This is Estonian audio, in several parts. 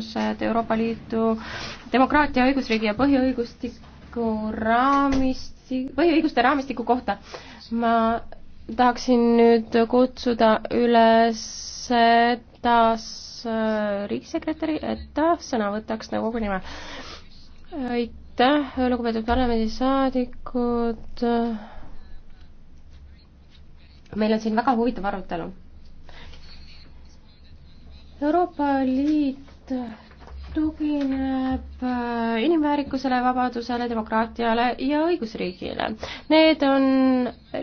et Euroopa Liidu demokraatia, õigusriigi ja põhiõigustiku raamisti-, põhiõiguste raamistiku kohta. ma tahaksin nüüd kutsuda üles taas äh, riigisekretäri, et ta sõna võtaks nõukogu nimel. aitäh, lugupeetud parlamendisaadikud. meil on siin väga huvitav arutelu. Euroopa Liit tugineb äh, inimväärikusele, vabadusele, demokraatiale ja õigusriigile. Need on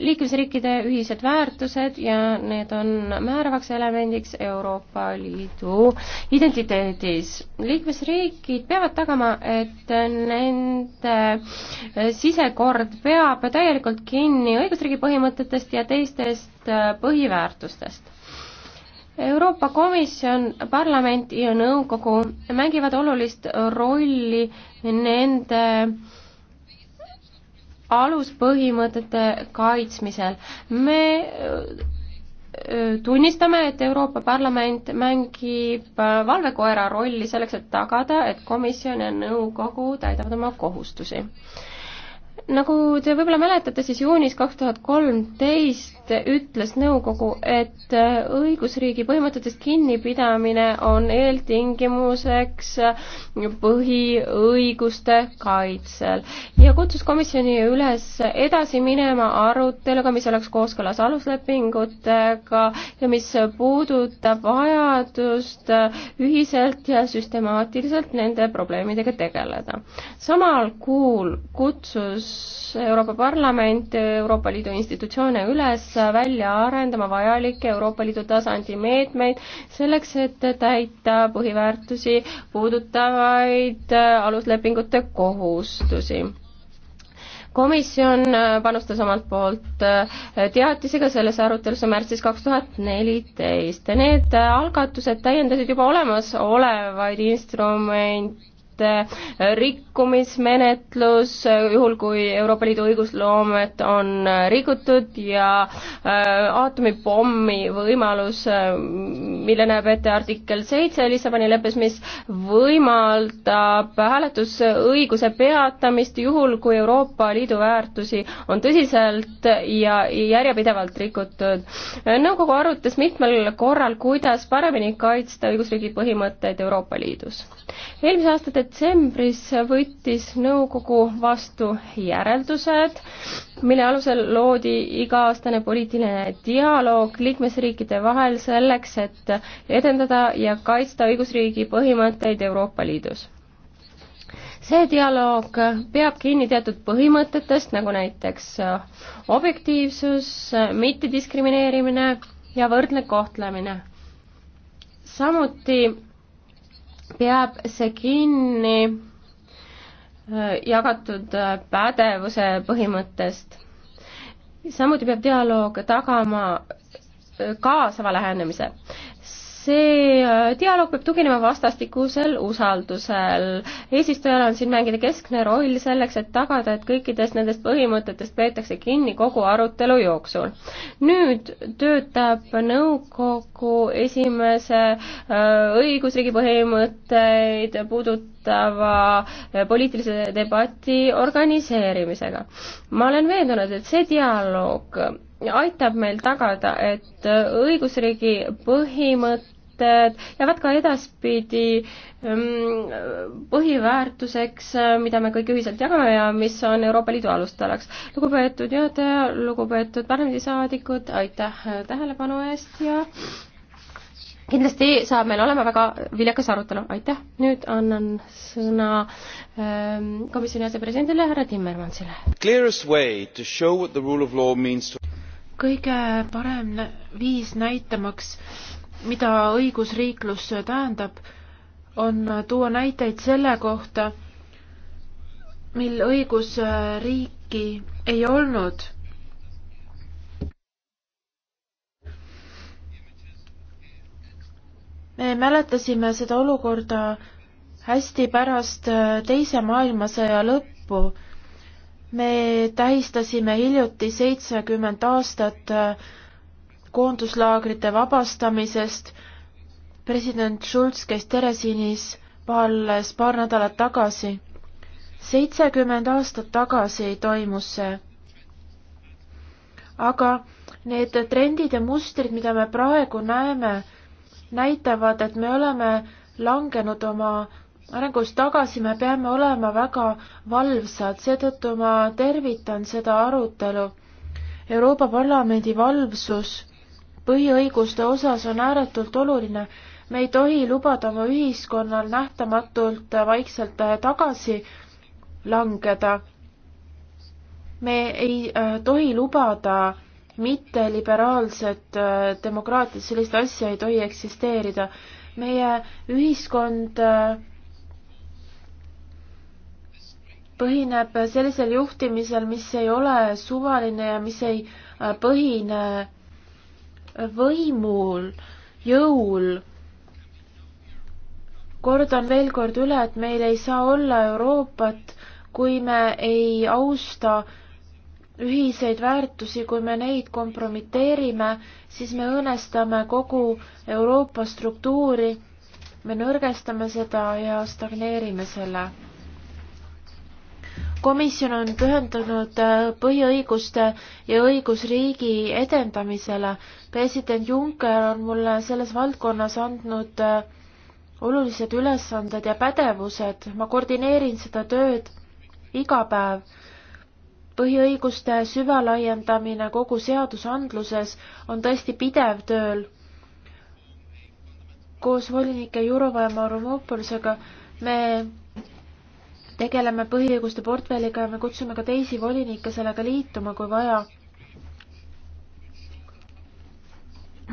liikmesriikide ühised väärtused ja need on määravaks elemendiks Euroopa Liidu identiteedis. liikmesriigid peavad tagama, et nende sisekord peab täielikult kinni õigusriigi põhimõtetest ja teistest äh, põhiväärtustest Euroopa Komisjon, parlament ja nõukogu mängivad olulist rolli nende aluspõhimõtete kaitsmisel. me tunnistame, et Euroopa Parlament mängib valvekoera rolli selleks, et tagada, et komisjon ja nõukogu täidavad oma kohustusi. nagu te võib-olla mäletate, siis juunis kaks tuhat kolmteist ütles nõukogu, et äh, õigusriigi põhimõtetest kinnipidamine on eeltingimuseks äh, põhiõiguste kaitsel ja kutsus komisjoni üles edasi minema aruteluga, mis oleks kooskõlas aluslepingutega ja mis puudutab vajadust äh, ühiselt ja süstemaatiliselt nende probleemidega tegeleda. samal kuul kutsus Euroopa Parlament Euroopa Liidu institutsioone üles välja arendama vajalikke Euroopa Liidu tasandi meetmeid selleks, et täita põhiväärtusi puudutavaid äh, aluslepingute kohustusi komisjon äh, panustas omalt poolt äh, teatisega selles arutelus märtsis kaks tuhat neliteist. Need algatused täiendasid juba olemasolevaid instrumente ette äh, rikkumismenetlus, äh, juhul kui Euroopa Liidu õigusloomet on äh, rikutud ja aatomipommi võimalus, mille näeb ette artikkel seitse Lissaboni leppes, mis võimaldab hääletusõiguse peatamist juhul, kui Euroopa Liidu väärtusi on tõsiselt ja järjepidevalt rikutud. nõukogu arutas mitmel korral, kuidas paremini kaitsta õigusriigi põhimõtteid Euroopa Liidus. eelmise aasta detsembris võttis nõukogu vastu järeldused, mille alusel loodi iga-aastane poliitiline dialoog liikmesriikide vahel selleks, et edendada ja kaitsta õigusriigi põhimõtteid Euroopa Liidus. see dialoog peab kinni teatud põhimõtetest, nagu näiteks objektiivsus, mittediskrimineerimine ja võrdne kohtlemine. samuti peab see kinni äh, jagatud äh, pädevuse põhimõttest. samuti peab dialoog tagama äh, kaasava lähenemise see äh, dialoog peab tuginema vastastikusel usaldusel. eesistujal on siin mängida keskne roll selleks, et tagada, et kõikidest nendest põhimõtetest peetakse kinni kogu arutelu jooksul. nüüd töötab nõukogu esimese äh, õigusriigi põhimõtteid puudutava äh, poliitilise debati organiseerimisega. ma olen veendunud, et see dialoog aitab meil tagada, et õigusriigi põhimõte põhimõtted jäävad ka edaspidi mm, põhiväärtuseks, mida me kõik ühiselt jagame ja mis on Euroopa Liidu alustalaks. lugupeetud juhataja, lugupeetud parlamendisaadikud, aitäh tähelepanu eest ja kindlasti saab meil olema väga viljakas arutelu, aitäh. nüüd annan sõna ähm, komisjoni asepresidendile härra Timmermansile. kõige parem viis näitamaks, mida õigusriiklus tähendab, on tuua näiteid selle kohta, mil õigusriiki ei olnud. me mäletasime seda olukorda hästi pärast Teise maailmasõja lõppu. me tähistasime hiljuti seitsekümmend aastat äh, koonduslaagrite vabastamisest. president Schulz käis Teresinis alles paar nädalat tagasi. seitsekümmend aastat tagasi toimus see. aga need trendid ja mustrid, mida me praegu näeme, näitavad, et me oleme langenud oma arengus tagasi, me peame olema väga valvsad, seetõttu ma tervitan seda arutelu. Euroopa Parlamendi valvsus põhiõiguste osas on ääretult oluline. me ei tohi lubada oma ühiskonnal nähtamatult vaikselt äh, tagasi langeda. me ei äh, tohi lubada mitteliberaalset äh, demokraatiat, sellist asja ei tohi eksisteerida. meie ühiskond põhineb sellisel juhtimisel, mis ei ole suvaline ja mis ei põhine võimul, jõul. kordan veel kord üle, et meil ei saa olla Euroopat, kui me ei austa ühiseid väärtusi, kui me neid kompromiteerime, siis me õõnestame kogu Euroopa struktuuri, me nõrgestame seda ja stagneerime selle komisjon on pühendunud äh, põhiõiguste ja õigusriigi edendamisele. president Juncker on mulle selles valdkonnas andnud äh, olulised ülesanded ja pädevused, ma koordineerin seda tööd iga päev. põhiõiguste süvalaiendamine kogu seadusandluses on tõesti pidev tööl. koos volinike Jurova ja Marumopolisega me tegeleme põhiõiguste portfelliga ja me kutsume ka teisi volinikke sellega liituma, kui vaja.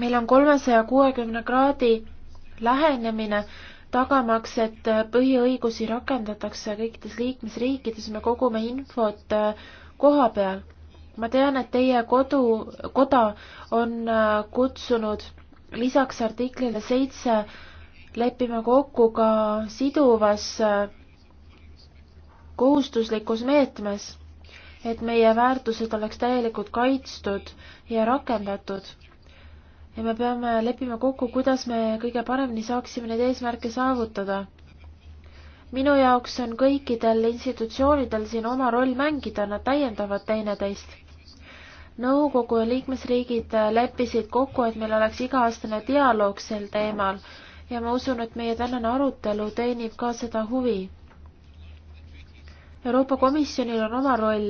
meil on kolmesaja kuuekümne kraadi lähenemine, tagamaks, et põhiõigusi rakendatakse kõikides liikmesriikides, me kogume infot äh, koha peal. ma tean, et teie kodu, koda on äh, kutsunud lisaks artiklile seitse leppima kokku ka siduvas äh, kohustuslikus meetmes, et meie väärtused oleks täielikult kaitstud ja rakendatud. ja me peame leppima kokku, kuidas me kõige paremini saaksime neid eesmärke saavutada. minu jaoks on kõikidel institutsioonidel siin oma roll mängida, nad täiendavad teineteist nõukogu ja liikmesriigid leppisid kokku, et meil oleks iga-aastane dialoog sel teemal ja ma usun, et meie tänane arutelu teenib ka seda huvi. Euroopa Komisjonil on oma roll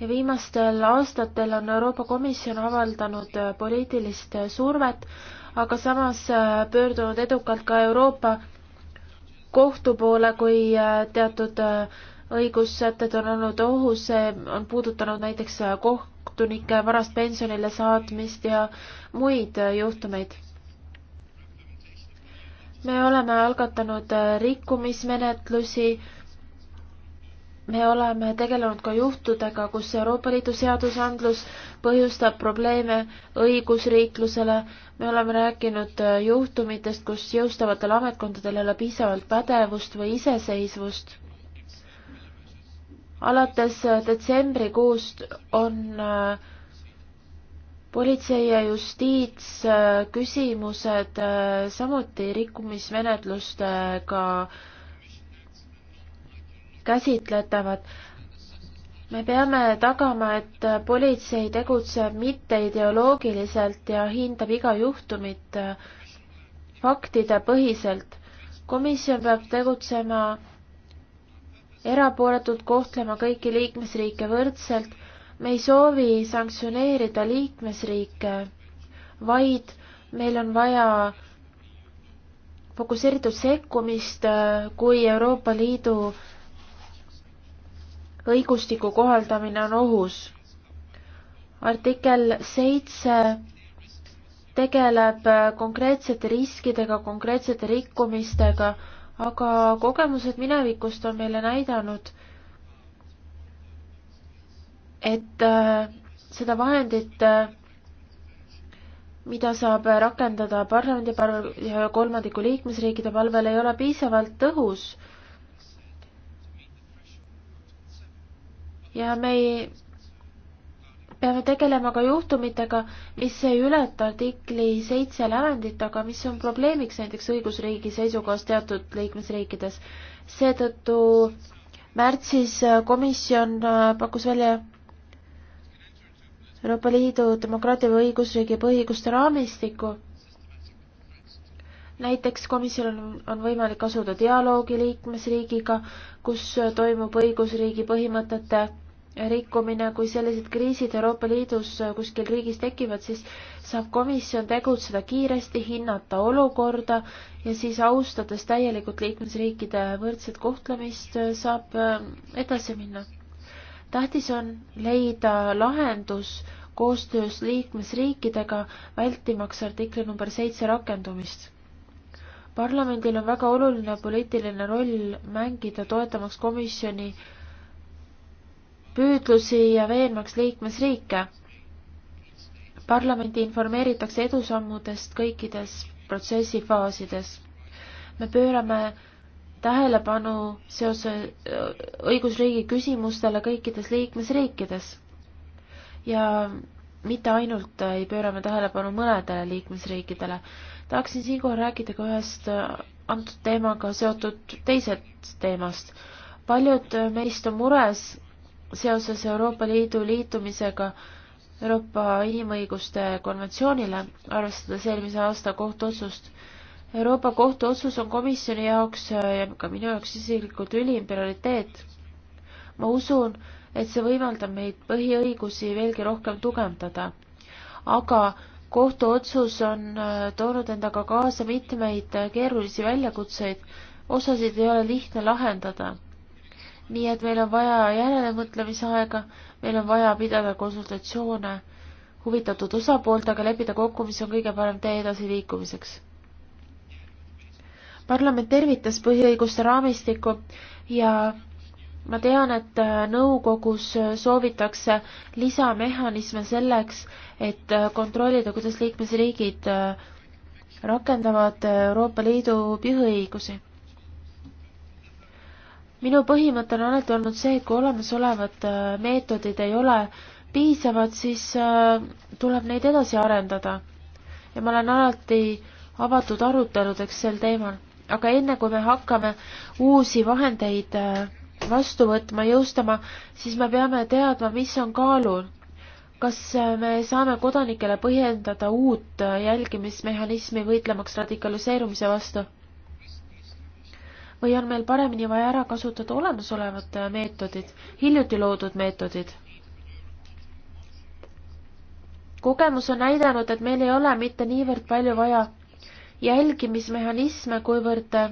ja viimastel aastatel on Euroopa Komisjon avaldanud äh, poliitilist äh, survet, aga samas äh, pöördunud edukalt ka Euroopa kohtu poole, kui teatud õigussätted on olnud ohus, see on puudutanud näiteks kohtunike varast pensionile saatmist ja muid juhtumeid. me oleme algatanud rikkumismenetlusi me oleme tegelenud ka juhtudega, kus Euroopa Liidu seadusandlus põhjustab probleeme õigusriiklusele. me oleme rääkinud äh, juhtumitest, kus jõustavatel ametkondadel ei ole piisavalt pädevust või iseseisvust. alates äh, detsembrikuust on äh, politsei ja justiitsküsimused samuti rikkumismenetlustega äh, käsitletavad. me peame tagama, et politsei tegutseb mitte ideoloogiliselt ja hindab iga juhtumit faktidepõhiselt. komisjon peab tegutsema erapooletult, kohtlema kõiki liikmesriike võrdselt. me ei soovi sanktsioneerida liikmesriike, vaid meil on vaja fokusseeritud sekkumist, kui Euroopa Liidu õigustiku kohaldamine on ohus. artikkel seitse tegeleb konkreetsete riskidega, konkreetsete rikkumistega, aga kogemused minevikust on meile näidanud, et äh, seda vahendit, äh, mida saab rakendada parlamendi palvel ja kolmandiku liikmesriikide palvel, ei ole piisavalt tõhus ja me ei peame tegelema ka juhtumitega, mis ei ületa artikli seitse lävendit, aga mis on probleemiks näiteks õigusriigi seisukohast teatud liikmesriikides. seetõttu märtsis komisjon äh, pakkus välja Euroopa Liidu demokraatia või õigusriigi põhiõiguste raamistiku. näiteks komisjonil on, on võimalik asuda dialoogi liikmesriigiga, kus toimub õigusriigi põhimõtete rikkumine, kui sellised kriisid Euroopa Liidus äh, kuskil riigis tekivad, siis saab komisjon tegutseda kiiresti, hinnata olukorda ja siis austades täielikult liikmesriikide võrdset kohtlemist, äh, saab äh, edasi minna. tähtis on leida lahendus koostöös liikmesriikidega, vältimaks artikli number seitse rakendumist parlamendil on väga oluline poliitiline roll mängida, toetamaks komisjoni äh, püüdlusi ja veenmaks liikmesriike. parlamenti informeeritakse edusammudest kõikides protsessi faasides. me pöörame tähelepanu seoses õigusriigi küsimustele kõikides liikmesriikides ja mitte ainult ei pööra me tähelepanu mõnedele liikmesriikidele. tahaksin siinkohal rääkida ka ühest äh, antud teemaga seotud teisest teemast. paljud meist on mures seoses Euroopa Liidu liitumisega Euroopa Inimõiguste konventsioonile, arvestades eelmise aasta kohtuotsust. Euroopa Kohtu otsus on komisjoni jaoks ja ka minu jaoks isiklikult ülim prioriteet. ma usun, et see võimaldab meid põhiõigusi veelgi rohkem tugevdada. aga kohtuotsus on äh, toonud endaga kaasa mitmeid äh, keerulisi väljakutseid, osasid ei ole lihtne lahendada nii et meil on vaja järelemõtlemisaega, meil on vaja pidada konsultatsioone huvitatud osapooltega, leppida kokku, mis on kõige parem tee edasiliikumiseks. parlament tervitas põhiõiguste raamistikku ja ma tean, et äh, nõukogus äh, soovitakse lisamehhanisme selleks, et äh, kontrollida, kuidas liikmesriigid rakendavad Euroopa Liidu põhiõigusi minu põhimõte on alati olnud see, et kui olemasolevad äh, meetodid ei ole piisavad, siis äh, tuleb neid edasi arendada. ja ma olen alati avatud aruteludeks sel teemal, aga enne kui me hakkame uusi vahendeid äh, vastu võtma, jõustama, siis me peame teadma, mis on kaalul. kas me saame kodanikele põhjendada uut jälgimismehhanismi võitlemaks radikaliseerumise vastu? või on meil paremini vaja ära kasutada olemasolevad äh, meetodid, hiljuti loodud meetodid? kogemus on näidanud, et meil ei ole mitte niivõrd palju vaja jälgimismehhanisme, kuivõrd äh,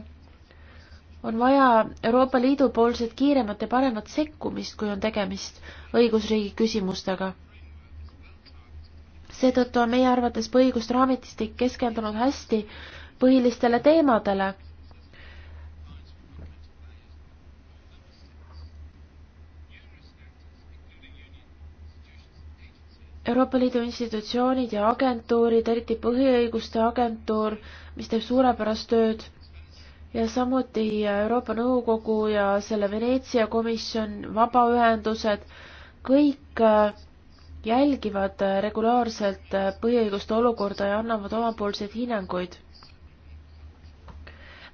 on vaja Euroopa Liidu poolset kiiremat ja paremat sekkumist, kui on tegemist õigusriigi küsimustega. seetõttu on meie arvates põhiõigust raamistik keskendunud hästi põhilistele teemadele Euroopa Liidu institutsioonid ja agentuurid, eriti põhiõiguste agentuur, mis teeb suurepärast tööd ja samuti Euroopa Nõukogu ja selle Veneetsia komisjon, vabaühendused, kõik äh, jälgivad äh, regulaarselt äh, põhiõiguste olukorda ja annavad omapoolseid hinnanguid.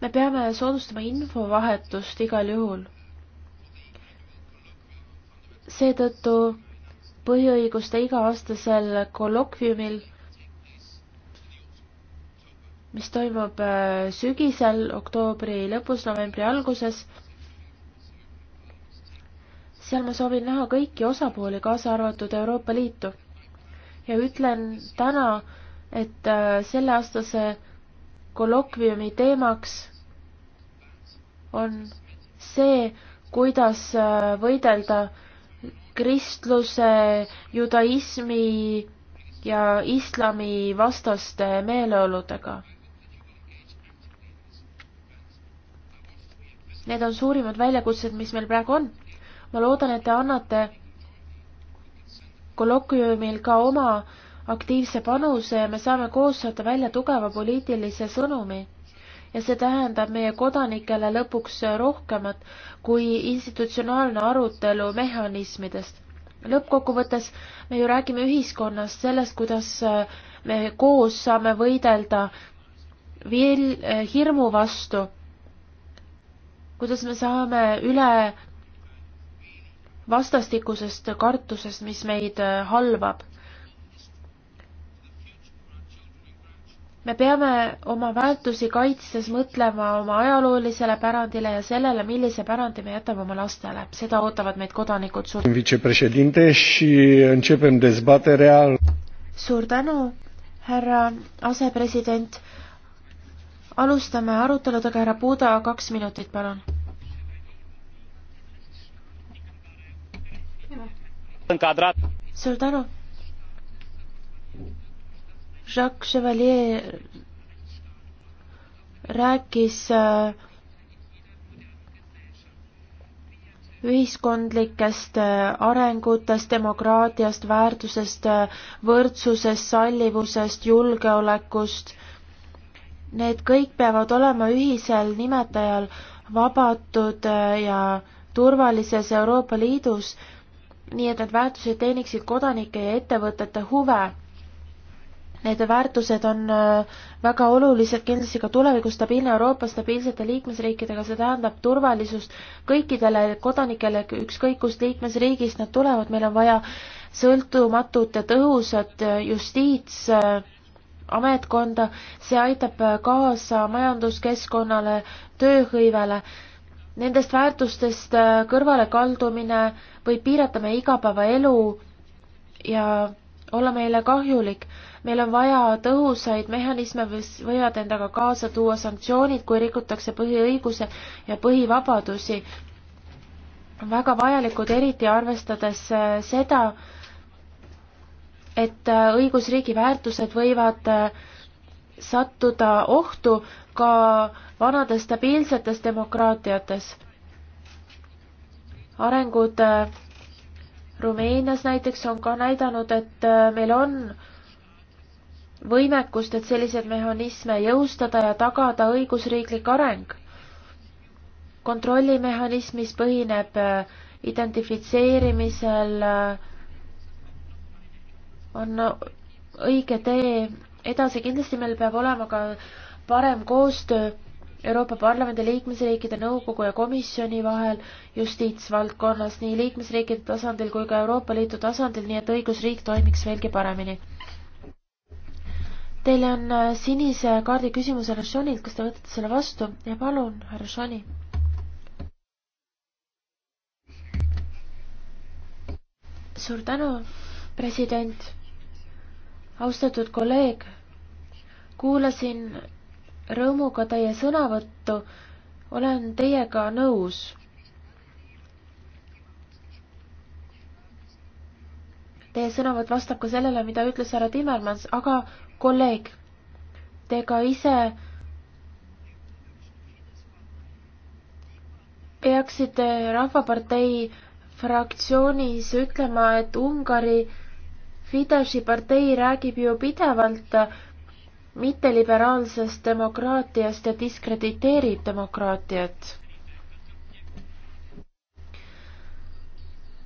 me peame soodustama infovahetust igal juhul. seetõttu põhiõiguste iga-aastasel kolokviumil, mis toimub äh, sügisel, oktoobri lõpus, novembri alguses. seal ma soovin näha kõiki osapooli, kaasa arvatud Euroopa Liitu. ja ütlen täna, et äh, selleaastase kolokviumi teemaks on see, kuidas äh, võidelda äh, kristluse, judaismi ja islami vastaste meeleoludega. Need on suurimad väljakutsed, mis meil praegu on. ma loodan, et te annate kolokviumil ka oma aktiivse panuse ja me saame koos saata välja tugeva poliitilise sõnumi ja see tähendab meie kodanikele lõpuks rohkemat kui institutsionaalne arutelu mehhanismidest. lõppkokkuvõttes me ju räägime ühiskonnast, sellest, kuidas äh, me koos saame võidelda veel äh, hirmu vastu, kuidas me saame üle vastastikusest kartusest, mis meid äh, halvab me peame oma väärtusi kaitstes mõtlema oma ajaloolisele pärandile ja sellele, millise pärandi me jätame oma lastele. seda ootavad meid kodanikud. suur tänu, härra asepresident. alustame aruteludega, härra Puuda, kaks minutit, palun. suur tänu Jacques Chevalier rääkis äh, ühiskondlikest äh, arengutest, demokraatiast, väärtusest, äh, võrdsusest, sallivusest, julgeolekust. Need kõik peavad olema ühisel nimetajal vabatud ja turvalises Euroopa Liidus, nii et need väärtused teeniksid kodanike ja ettevõtete huve Need väärtused on äh, väga olulised kindlasti ka tulevikus stabiilne Euroopa stabiilsete liikmesriikidega, see tähendab turvalisust kõikidele kodanikele, ükskõik kust liikmesriigist nad tulevad, meil on vaja sõltumatut ja tõhusat äh, justiits äh, ametkonda, see aitab kaasa majanduskeskkonnale, tööhõivele. Nendest väärtustest kõrvalekaldumine võib piirata meie igapäevaelu ja olla meile kahjulik meil on vaja tõhusaid mehhanisme, mis võivad endaga kaasa tuua sanktsioonid, kui rikutakse põhiõiguse ja põhivabadusi. väga vajalikud, eriti arvestades äh, seda, et äh, õigusriigi väärtused võivad äh, sattuda ohtu ka vanades stabiilsetes demokraatiates. arengud Rumeenias näiteks on ka näidanud, et meil on võimekust, et selliseid mehhanisme jõustada ja tagada õigusriiklik areng. kontrollimehhanism, mis põhineb äh, identifitseerimisel, äh, on õige tee edasi, kindlasti meil peab olema ka parem koostöö Euroopa Parlamendi liikmesriikide nõukogu ja komisjoni vahel justiitsvaldkonnas nii liikmesriikide tasandil kui ka Euroopa Liidu tasandil, nii et õigusriik toimiks veelgi paremini Teil on äh, sinise kaardi küsimus härra Šonilt, kas te võtate selle vastu? ja palun, härra Šoni. suur tänu, president. austatud kolleeg, kuulasin rõõmuga teie sõnavõttu, olen teiega nõus Teie sõnavõtt vastab ka sellele, mida ütles härra Timmermans, aga kolleeg, te ka ise peaksite Rahvapartei fraktsioonis ütlema, et Ungari Fideszi partei räägib ju pidevalt mitteliberaalsest demokraatiast ja diskrediteerib demokraatiat.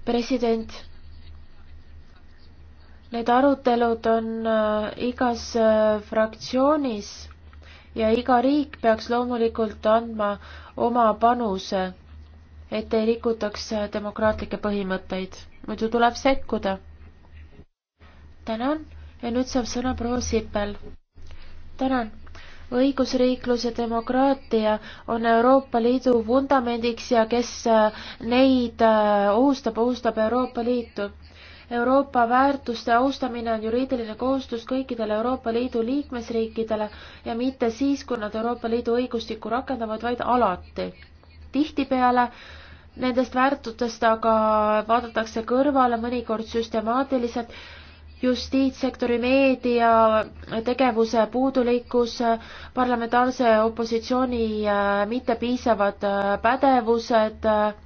president Need arutelud on äh, igas äh, fraktsioonis ja iga riik peaks loomulikult andma oma panuse, et ei rikutaks äh, demokraatlikke põhimõtteid, muidu tuleb sekkuda. tänan ja nüüd saab sõna proua Sipel. tänan õigusriiklus ja demokraatia on Euroopa Liidu vundamendiks ja kes neid ohustab, ohustab Euroopa Liitu. Euroopa väärtuste austamine on juriidiline kohustus kõikidele Euroopa Liidu liikmesriikidele ja mitte siis, kui nad Euroopa Liidu õigustikku rakendavad, vaid alati. tihtipeale nendest väärtustest aga vaadatakse kõrvale, mõnikord süstemaatiliselt, justiitssektori meedia tegevuse puudulikkus, parlamentaarse opositsiooni äh, mittepiisavad äh, pädevused äh,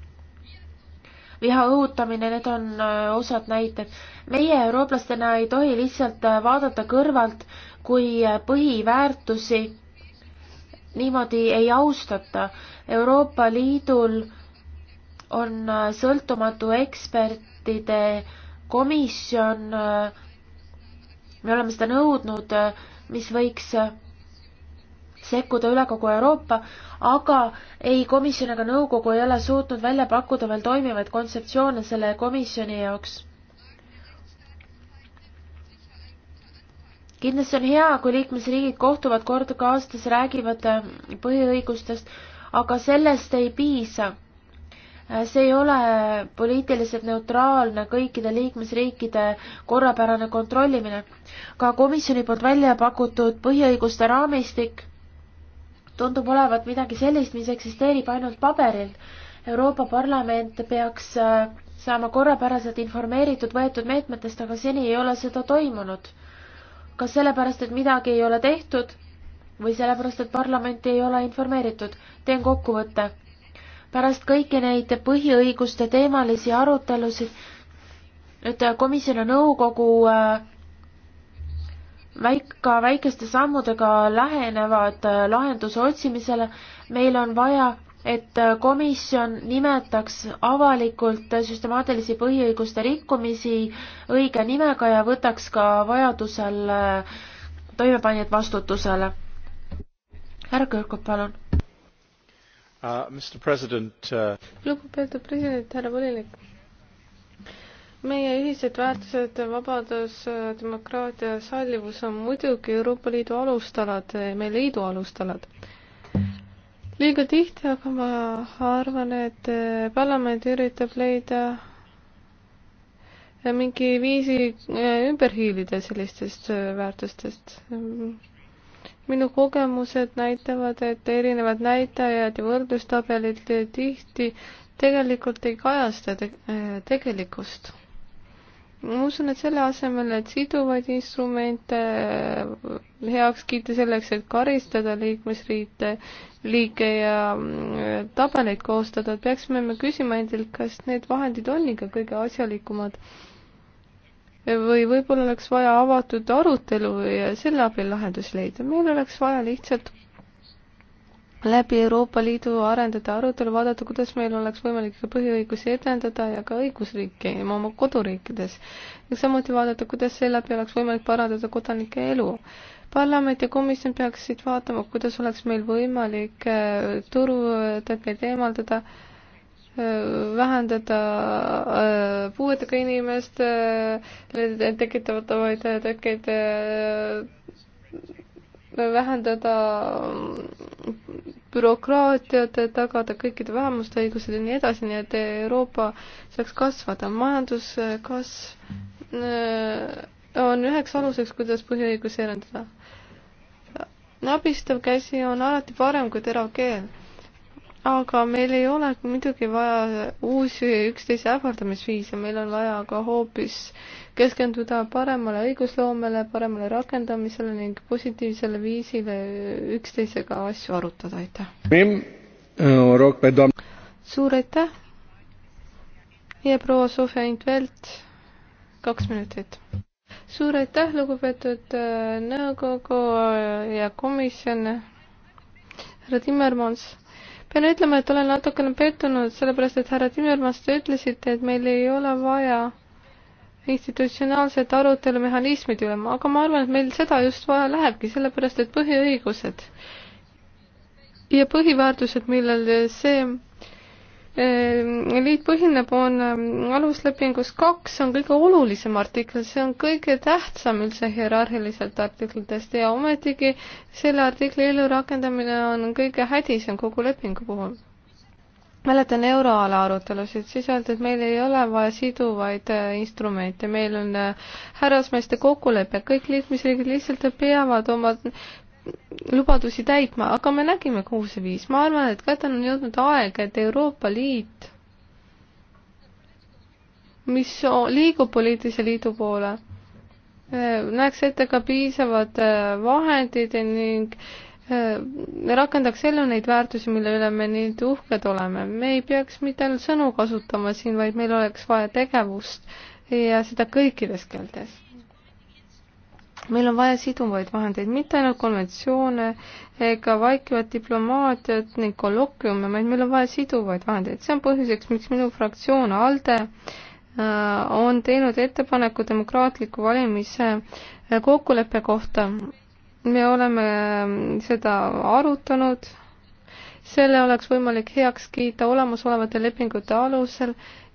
viha õhutamine, need on äh, osad näited. meie eurooplastena ei tohi lihtsalt äh, vaadata kõrvalt, kui äh, põhiväärtusi niimoodi ei austata. Euroopa Liidul on sõltumatu ekspertide komisjon, me oleme seda nõudnud, mis võiks sekkuda üle kogu Euroopa, aga ei komisjon ega nõukogu ei ole suutnud välja pakkuda veel toimivaid kontseptsioone selle komisjoni jaoks. kindlasti on hea, kui liikmesriigid kohtuvad kord ka aastas, räägivad äh, põhiõigustest, aga sellest ei piisa äh, see ei ole poliitiliselt neutraalne kõikide liikmesriikide korrapärane kontrollimine. ka komisjoni poolt välja pakutud põhiõiguste raamistik tundub olevat midagi sellist, mis eksisteerib ainult paberil. Euroopa Parlament peaks äh, saama korrapäraselt informeeritud võetud meetmetest, aga seni ei ole seda toimunud. kas sellepärast, et midagi ei ole tehtud või sellepärast, et parlamenti ei ole informeeritud? teen kokkuvõtte. pärast kõiki neid põhiõiguste teemalisi arutelusid nüüd äh, komisjon ja nõukogu äh, väik-, ka väikeste sammudega lähenevad äh, lahenduse otsimisele. meil on vaja, et äh, komisjon nimetaks avalikult süstemaatilisi põhiõiguste rikkumisi õige nimega ja võtaks ka vajadusel äh, toimepanijad vastutusele. härra Kõrgup, palun uh, uh,. lugupeetud president uh..., härra volinik meie ühised väärtused, vabadus, demokraatia, sallivus on muidugi Euroopa Liidu alustalad, meie liidu alustalad. liiga tihti aga ma arvan, et parlament üritab leida mingi viisi ümber hiilida sellistest väärtustest. minu kogemused näitavad, et erinevad näitajad ja võrdlustabelid tihti tegelikult ei kajasta te tegelikkust ma usun, et selle asemel, et siduvaid instrumente äh, heaks kiita selleks, et karistada liikmesriike, liike ja äh, tabeleid koostada, peaksime me küsima endilt, kas need vahendid on ikka kõige asjalikumad. või võib-olla oleks vaja avatud arutelu ja selle abil lahendus leida, meil oleks vaja lihtsalt läbi Euroopa Liidu arendada arutelu, vaadata, kuidas meil oleks võimalik põhiõigusi edendada ja ka õigusriiki oma koduriikides. ja samuti vaadata, kuidas seeläbi oleks võimalik parandada kodanike elu. parlament ja komisjon peaksid vaatama, kuidas oleks meil võimalik äh, turutõkkeid eemaldada, äh, vähendada äh, puuetega inimestele tekitatavaid tõkkeid vähendada mm, bürokraatiat, tagada kõikide vähemuste õigused ja nii edasi, nii et Euroopa saaks kasvada. majanduskasv äh, on üheks aluseks, kuidas põhiõigusi edendada. abistav käsi on alati parem kui terav keel. aga meil ei ole muidugi vaja uusi üksteise ähvardamisviise, meil on vaja ka hoopis äh, keskenduda paremale õigusloomele, paremale rakendamisele ning positiivsele viisile üksteisega asju arutada, aitäh! suur aitäh! ja proua Sofia Intvelt, kaks minutit. suur aitäh, lugupeetud äh, nõukogu äh, ja komisjon, härra Timmermans pean ütlema, et olen natukene pettunud, sellepärast et härra Timmermans, te ütlesite, et meil ei ole vaja institutsionaalset arutelu mehhanismide üle, aga ma arvan, et meil seda just vaja lähebki, sellepärast et põhiõigused ja põhiväärtused, millel see eh, liit põhineb, on eh, aluslepingus kaks, on kõige olulisem artikkel, see on kõige tähtsam üldse hierarhiliselt artiklitest ja ometigi selle artikli ellurakendamine on kõige hädisem kogu lepingu puhul mäletan euroala arutelusid, siis öeldi, et meil ei ole vaja siduvaid äh, instrumente, meil on äh, härrasmeeste kokkulepe, kõik liikmesriigid lihtsalt peavad oma lubadusi täitma, aga me nägime kuhu see viis, ma arvan, et kätte on jõudnud aeg, et Euroopa Liit, mis liigub poliitilise liidu poole, äh, näeks ette ka piisavad vahendid ning äh, rakendaks ellu neid väärtusi, mille üle me nii uhked oleme. me ei peaks mitte ainult sõnu kasutama siin, vaid meil oleks vaja tegevust ja seda kõikides keeltes. meil on vaja siduvaid vahendeid, mitte ainult konventsioone ega vaikivat diplomaatiat ning kollookiume, vaid meil on vaja siduvaid vahendeid. see on põhjuseks, miks minu fraktsioon ALDE äh, on teinud ettepaneku demokraatliku valimise äh, kokkuleppe kohta me oleme ähm, seda arutanud, selle oleks võimalik heaks kiita olemasolevate lepingute alusel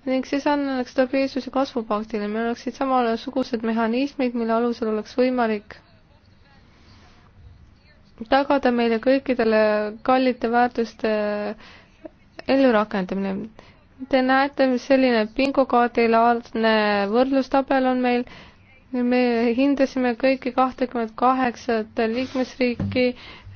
ning see sarnaneks stabiilsuse kasvupaktile, meil oleksid samasugused mehhanismid, mille alusel oleks võimalik tagada meile kõikidele kallite väärtuste ellurakendamine. Te näete, mis selline bingokaardilaadne võrdlustabel on meil me hindasime kõiki kahtekümmet kaheksat liikmesriiki,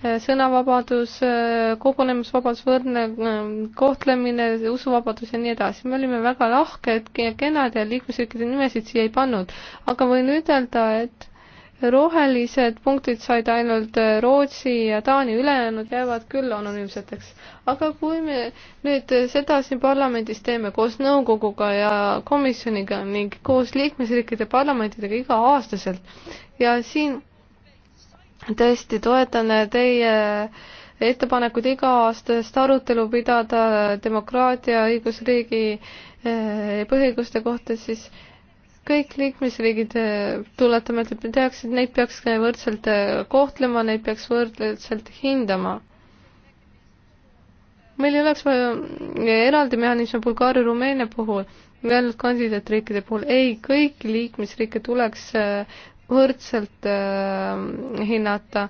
eh, sõnavabadus, eh, kogunemisvabadus, võrdne eh, kohtlemine, usuvabadus ja nii edasi. me olime väga lahked ja kenad ja liikmesriikide nimesid siia ei pannud, aga võin ütelda, et rohelised punktid said ainult Rootsi ja Taani, ülejäänud jäävad küll anonüümseteks. aga kui me nüüd seda siin parlamendis teeme koos nõukoguga ja komisjoniga ning koos liikmesriikide parlamentidega iga-aastaselt ja siin tõesti toetan teie ettepanekud iga-aastast arutelu pidada demokraatia, õigusriigi eh, põhiõiguste kohta, siis äh, kõik liikmesriigid, äh, tuletame, et peaksid, neid peaks võrdselt äh, kohtlema, neid peaks võrdselt hindama. meil ei oleks vaja äh, eraldi mehhanisme Bulgaaria, Rumeenia puhul või ainult kandidaatriikide puhul, ei, kõiki liikmesriike tuleks võrdselt hinnata.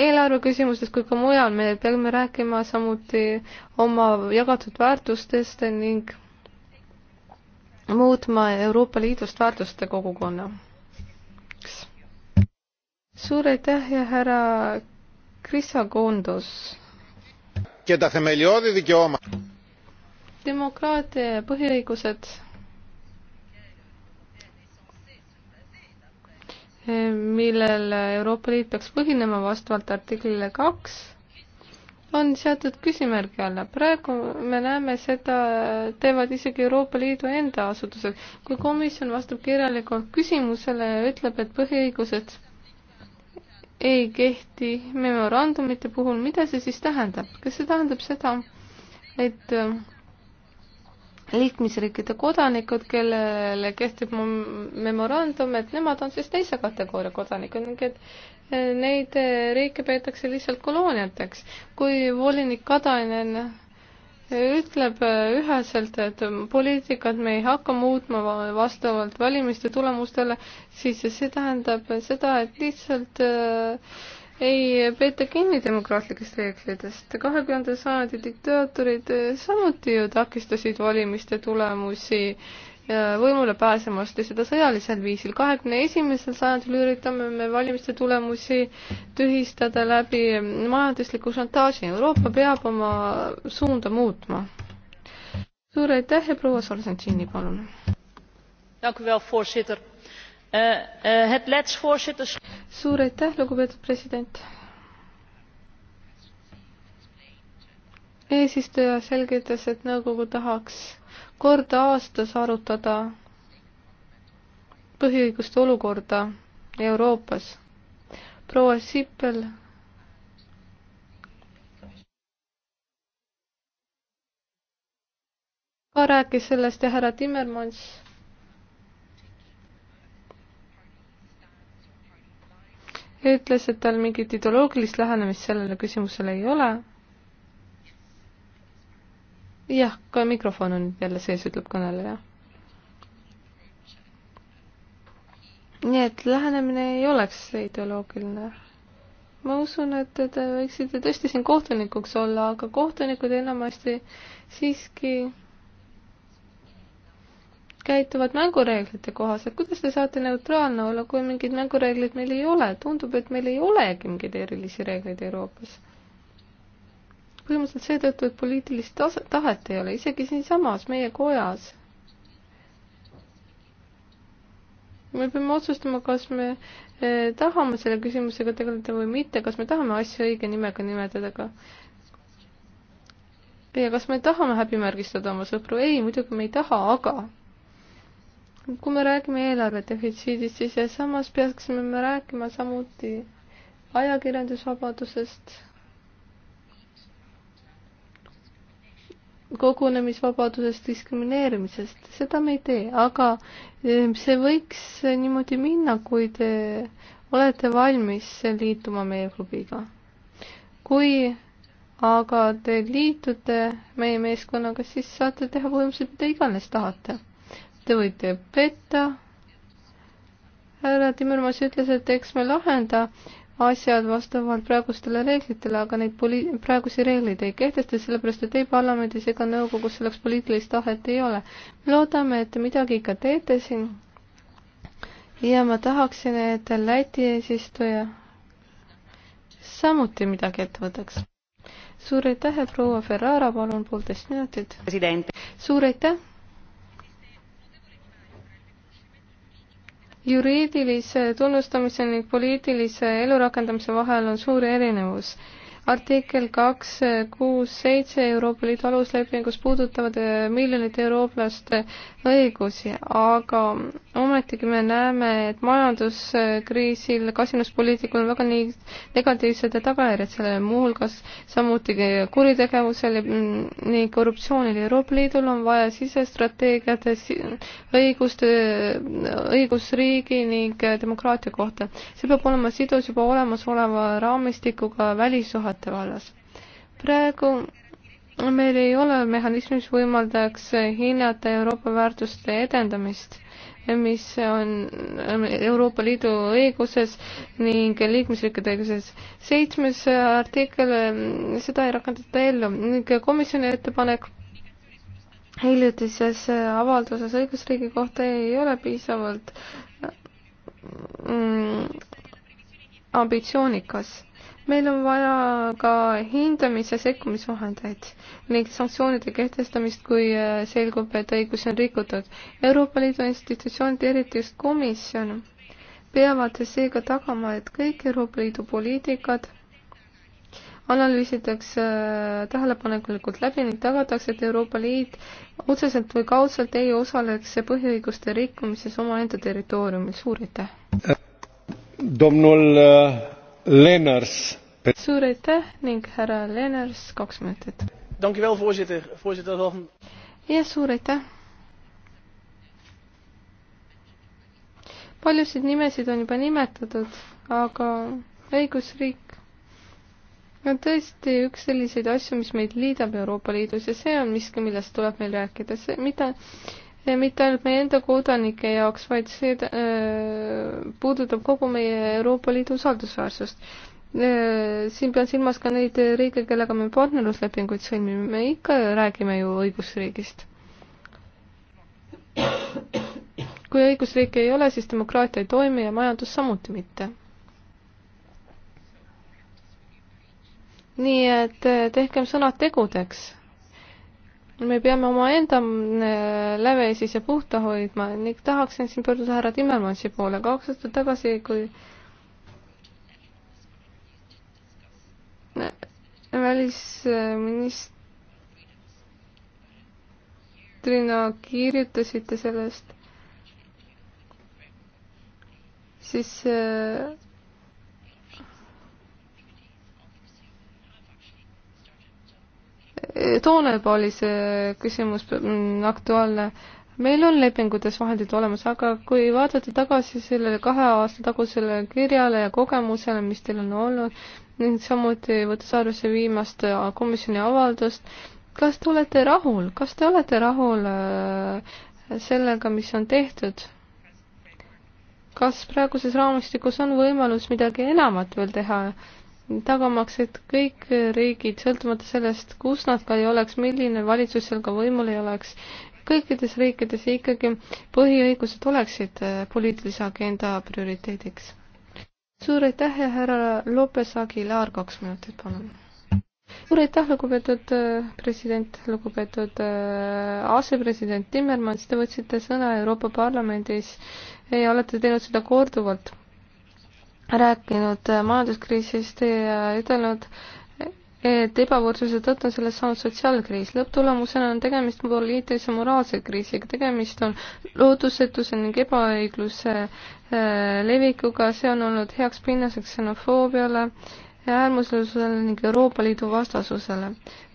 eelarve küsimustes kui ka mujal me peame rääkima samuti oma jagatud väärtustest ning muutma Euroopa Liidust väärtuste kogukonna. suur aitäh ja härra Krisakondos. demokraatia ja põhiõigused, millel Euroopa Liit peaks põhinema vastavalt artiklile kaks on seatud küsimärgi alla. praegu me näeme seda, teevad isegi Euroopa Liidu enda asutused. kui komisjon vastab kirjalikult küsimusele ja ütleb, et põhiõigused ei kehti memorandumite puhul, mida see siis tähendab? kas see tähendab seda, et liikmesriikide kodanikud, kellele kehtib memorandum, et nemad on siis teise kategooria kodanikud ning et eh, neid eh, riike peetakse lihtsalt kolooniateks. kui volinik Kadanen eh, ütleb üheselt, et poliitikat me ei hakka muutma vastavalt valimiste tulemustele, siis see tähendab seda, et lihtsalt äh, ei peeta kinni demokraatlikest reeglitest. kahekümnenda sajandi diktaatorid eh, samuti ju takistasid valimiste tulemusi eh, võimule pääsemast ja seda sõjalisel viisil. kahekümne esimesel sajandil üritame me valimiste tulemusi tühistada läbi majandusliku šantaaži. Euroopa peab oma suunda muutma. suur aitäh ja proua Solžentšini, palun! voorzitter Eh, eh, suur aitäh, lugupeetud president. eesistuja selgitas, et nõukogu tahaks kord aastas arutada põhiõiguste olukorda Euroopas. proua Sippel ka rääkis sellest ja härra Timmermans ütles, et tal mingit ideoloogilist lähenemist sellele küsimusele ei ole. jah, ka mikrofon on jälle sees, ütleb kõneleja. nii et lähenemine ei oleks ideoloogiline. ma usun, et te võiksite tõesti siin kohtunikuks olla, aga kohtunikud enamasti siiski käituvad mängureeglite kohaselt, kuidas te saate neutraalne olla, kui mingeid mängureegleid meil ei ole, tundub, et meil ei olegi mingeid erilisi reegleid Euroopas. põhimõtteliselt seetõttu, et poliitilist tase, tahet ei ole, isegi siinsamas meie kojas. me peame otsustama, kas me eh, tahame selle küsimusega tegeleda või mitte, kas me tahame asju õige nimega nimetada ka ja kas me tahame häbimärgistada oma sõpru? ei, muidugi me ei taha, aga kui me räägime eelarve defitsiidist, siis samas peaksime me rääkima samuti ajakirjandusvabadusest, kogunemisvabadusest, diskrimineerimisest, seda me ei tee, aga ehm, see võiks niimoodi minna, kui te olete valmis liituma meie klubiga. kui aga te liitute meie meeskonnaga, siis saate teha põhimõtteliselt mida iganes tahate te võite petta. härra Timmermas ütles, et eks me lahenda asjad vastavalt praegustele reeglitele, aga neid poli-, praegusi reegleid ei kehtesta, sellepärast et ei parlamendis ega nõukogus selleks poliitilist tahet ei ole. loodame, et te midagi ikka teete siin. ja ma tahaksin, et Läti eesistuja samuti midagi ette võtaks. suur aitäh ja proua Ferrara, palun poolteist minutit. suur aitäh juriidilise tunnustamise ning poliitilise elurakendamise vahel on suur erinevus artikkel kaks, kuus, seitse Euroopa Liidu aluslepingus puudutavad äh, miljonite eurooplaste äh, õigusi, aga ometigi me näeme, et majanduskriisil kasinuspoliitikul on väga nii negatiivsed tagajärjed sellele, muuhulgas samuti kuritegevusele mm, ning korruptsioonile. Euroopa Liidul on vaja sisestrateegiat õiguste, äh, õigusriigi ning demokraatia kohta. see peab olema sidus juba olemasoleva raamistikuga välissuhe töökohate vallas. praegu meil ei ole mehhanismi, mis võimaldaks hinnata Euroopa väärtuste edendamist, mis on Euroopa Liidu õiguses ning liikmesriikide õiguses. seitsmes artikkel, seda ei rakendata ellu ning komisjoni ettepanek hiljutises avalduses õigusriigi kohta ei ole piisavalt mm, ambitsioonikas meil on vaja ka hindamis- ja sekkumisvahendeid ning sanktsioonide kehtestamist, kui äh, selgub, et õigusi on rikutud. Euroopa Liidu institutsioonid, eriti just komisjon, peavad seega tagama, et kõik Euroopa Liidu poliitikad analüüsitakse äh, tähelepanelikult läbi ning tagatakse, et Euroopa Liit otseselt või kaudselt ei osaleks põhiõiguste rikkumises omaenda territooriumil. suur aitäh! domnul äh, lenaers suur aitäh ning härra Lenners, kaks minutit. jah, suur aitäh. paljusid nimesid on juba nimetatud, aga õigusriik on tõesti üks selliseid asju, mis meid liidab Euroopa Liidus ja see on miski, millest tuleb meil rääkida, see mida ja eh, mitte ainult meie enda kodanike jaoks, vaid see äh, puudutab kogu meie Euroopa Liidu usaldusväärsust. Äh, siin pean silmas ka neid riike, kellega me partnerluslepinguid sõlmime, me ikka räägime ju õigusriigist. kui õigusriiki ei ole, siis demokraatia ei toimi ja majandus samuti mitte. nii et äh, tehkem sõnad tegudeks. me peame omaenda äh, läve siis ja puhta hoidma ning tahaksin siin pöörduda härra Timmermansi poole. kaks aastat tagasi, kui välisministrina kirjutasite sellest, siis äh, toona juba oli see küsimus aktuaalne. meil on lepingutes vahendid olemas, aga kui vaadata tagasi sellele kahe aasta tagusele kirjale ja kogemusele, mis teil on olnud, ning samuti võttes arvesse viimast äh, komisjoni avaldust. kas te olete rahul, kas te olete rahul äh, sellega, mis on tehtud? kas praeguses raamistikus on võimalus midagi enamat veel teha, tagamaks, et kõik riigid, sõltumata sellest, kus nad ka ei oleks, milline valitsus seal ka võimul ei oleks, kõikides riikides ikkagi põhiõigused oleksid äh, poliitilise agenda prioriteediks suur aitäh ja härra Lopes Aguilar, kaks minutit, palun. suur aitäh, lugupeetud äh, president, lugupeetud äh, asepresident Timmermans, te võtsite sõna Euroopa Parlamendis ja olete teinud seda korduvalt rääkinud äh, majanduskriisist ja ütelnud, et ebavõrdsuse tõttu on sellest saanud sotsiaalkriis. lõpptulemusena on tegemist poliitilise moraalse kriisiga, tegemist on lootusetuse ning ebaõigluse äh, levikuga, see on olnud heaks pinnaseks xenofoobiale, äärmuslusele ning Euroopa Liidu vastasusele.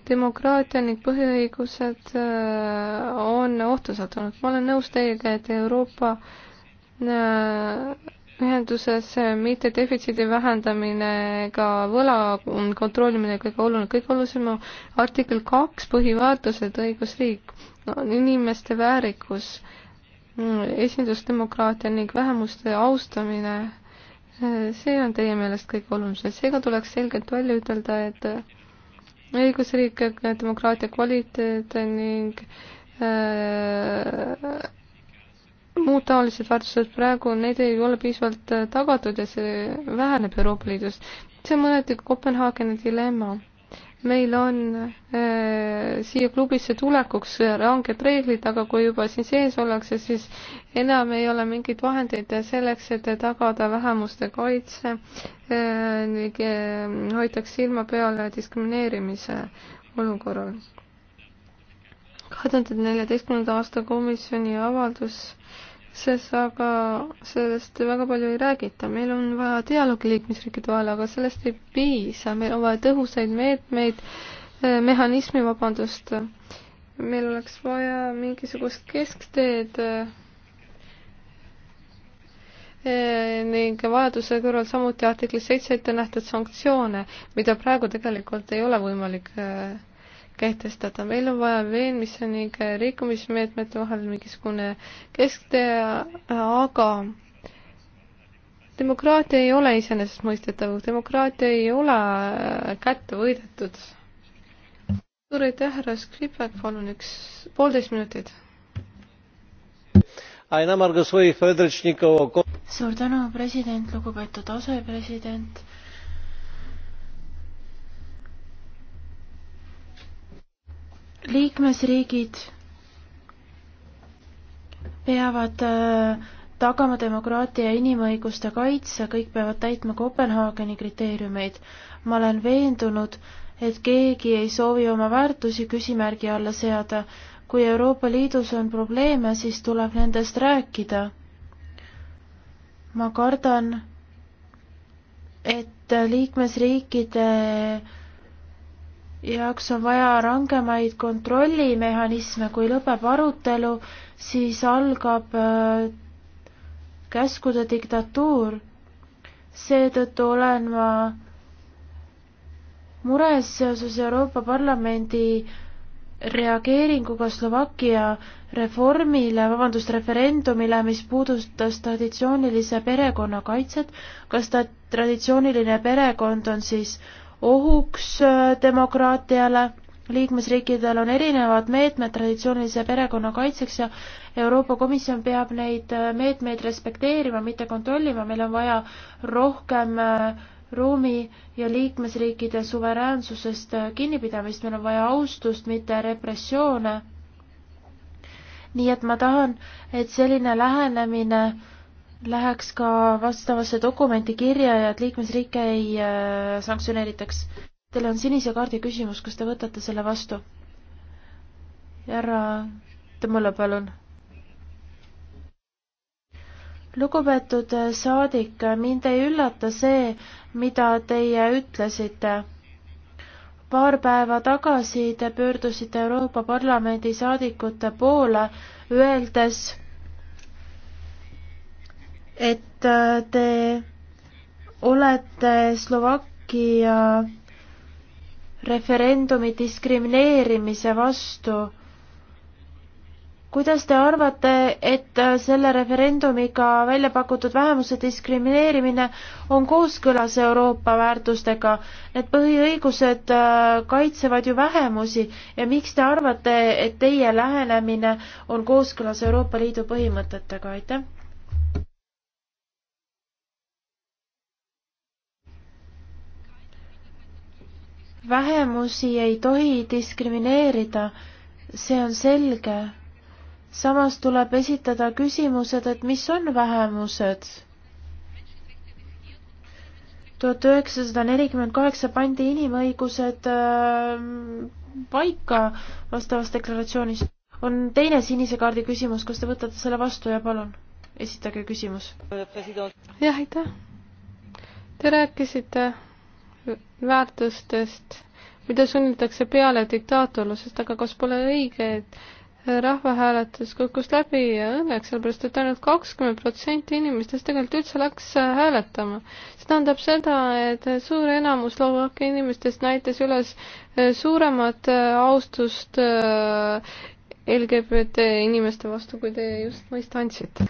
demokraatia ning põhiõigused äh, on ohtu sattunud. ma olen nõus teiega, et Euroopa äh, ühenduses eh, mitte defitsiidi vähendamine ega võla kontrollimine kõige oluline, kõige olulisem on artikkel kaks põhiväärtused, õigusriik no,, inimeste väärikus, mm, esindusdemokraatia ning vähemuste austamine, eh, see on teie meelest kõige olulisem, seega tuleks selgelt välja ütelda, et eh, õigusriik, demokraatia kvaliteet ning äh, muud taolised väärtused praegu, need ei ole piisavalt äh, tagatud ja see väheneb Euroopa Liidus. see on mõneti Kopenhaageni dilemma. meil on äh, siia klubisse tulekuks ranged reeglid, aga kui juba siin sees ollakse, siis enam ei ole mingeid vahendeid selleks, et tagada vähemuste kaitse äh, ning äh, hoitaks silma peal diskrimineerimise olukorral kahe tuhande neljateistkümnenda aasta komisjoni avaldus sest aga sellest väga palju ei räägita. meil on vaja dialoogi liikmesriikide vahel, aga sellest ei piisa, meil on vaja tõhusaid meetmeid, eh, mehhanismi, vabandust. meil oleks vaja mingisugust keskteed eh, eh, ning vajaduse kõrval samuti artiklis seitse ette nähtud sanktsioone, mida praegu tegelikult ei ole võimalik kehtestada. meil on vaja veenmise ning rikkumismeetmete vahel mingisugune kesktee, aga demokraatia ei ole iseenesestmõistetav, demokraatia ei ole kätte võidetud. suur aitäh, härra Skripek, palun üks poolteist minutit. suur tänu, president, lugupeetud asepresident liikmesriigid peavad äh, tagama demokraatia ja inimõiguste kaitse, kõik peavad täitma Kopenhaageni kriteeriumeid. ma olen veendunud, et keegi ei soovi oma väärtusi küsimärgi alla seada. kui Euroopa Liidus on probleeme, siis tuleb nendest rääkida. ma kardan, et liikmesriikide jaoks on vaja rangemaid kontrollimehhanisme, kui lõpeb arutelu, siis algab äh, käskude diktatuur. seetõttu olen ma mures seoses Euroopa Parlamendi reageeringuga Slovakkia reformile, vabandust, referendumile, mis puudutas traditsioonilise perekonna kaitset, kas ta traditsiooniline perekond on siis äh, ohuks äh, demokraatiale. liikmesriikidel on erinevad meetmed traditsioonilise perekonna kaitseks ja Euroopa Komisjon peab neid äh, meetmeid respekteerima, mitte kontrollima, meil on vaja rohkem äh, ruumi ja liikmesriikide suveräänsusest kinnipidamist, meil on vaja austust, mitte repressioone. nii et ma tahan, et selline lähenemine äh, läheks ka vastavasse dokumenti kirja ja et liikmesriike ei äh, sanktsioneeritaks. Teil on sinise kaardi küsimus, kas te võtate selle vastu? härra Tõmmula, palun. lugupeetud äh, saadik, mind ei üllata see, mida teie ütlesite paar päeva tagasi te pöördusite Euroopa Parlamendi saadikute poole, öeldes et äh, te olete Slovakkia referendumi diskrimineerimise vastu. kuidas te arvate, et äh, selle referendumiga välja pakutud vähemuse diskrimineerimine on kooskõlas Euroopa väärtustega? Need põhiõigused äh, kaitsevad ju vähemusi ja miks te arvate, et teie lähenemine on kooskõlas Euroopa Liidu põhimõtetega, aitäh? vähemusi ei tohi diskrimineerida, see on selge. samas tuleb esitada küsimused, et mis on vähemused. tuhat üheksasada nelikümmend kaheksa pandi inimõigused äh, paika vastavas deklaratsioonis. on teine sinise kaardi küsimus, kas te võtate selle vastu ja palun esitage küsimus. jah, aitäh. Te rääkisite väärtustest, mida sunnitakse peale diktaatorlusest, aga kas pole õige, et rahvahääletus kukkus läbi ja õnneks, sellepärast et ainult kakskümmend protsenti inimestest tegelikult üldse läks äh, hääletama. see tähendab seda, et suur enamus Slovakkia inimestest näitas üles äh, suuremat äh, austust LGBT inimeste vastu, kui te just mõista andsite.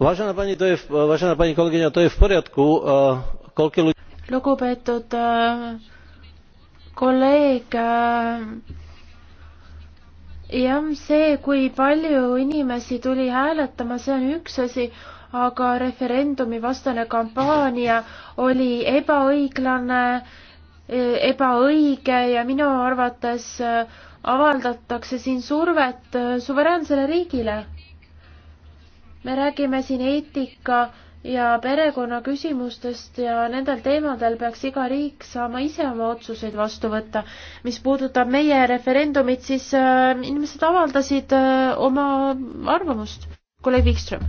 Vážená pani, to je, vážená pani kolegyňa, to je v poriadku, uh, koľko ľudí lugupeetud äh, kolleeg, äh, jah, see, kui palju inimesi tuli hääletama, see on üks asi, aga referendumi vastane kampaania oli ebaõiglane, ebaõige ja minu arvates äh, avaldatakse siin survet suveräänsele riigile. me räägime siin eetika ja perekonna küsimustest ja nendel teemadel peaks iga riik saama ise oma otsuseid vastu võtta. mis puudutab meie referendumit, siis äh, inimesed avaldasid äh, oma arvamust. kolleeg Wikström.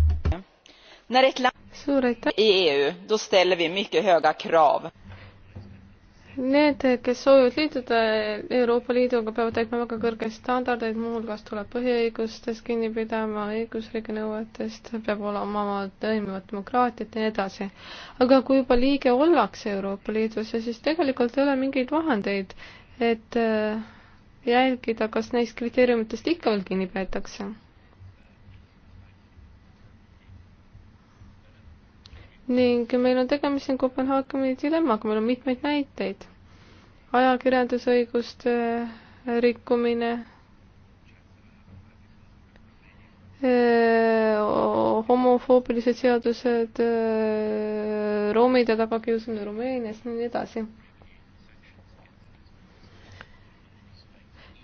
suur aitäh. EU, då ställer vi mycket höga krav Need, kes soovivad liituda Euroopa Liiduga, peavad täitma väga kõrgeid standardeid, muuhulgas tuleb põhiõigustest kinni pidama, õigusriigi nõuetest, peab olema oma toimivat demokraatiat ja nii edasi. aga kui juba liige ollakse Euroopa Liidus ja siis tegelikult ei ole mingeid vahendeid, et äh, jälgida, kas neist kriteeriumitest ikka veel kinni peetakse ning meil on tegemist siin Kopenhaageni dilemmaga, meil on mitmeid näiteid. ajakirjandusõiguste eh, rikkumine, eh, homofoobilised seadused, eh, roomide tagakiusamine Rumeenias ja nii edasi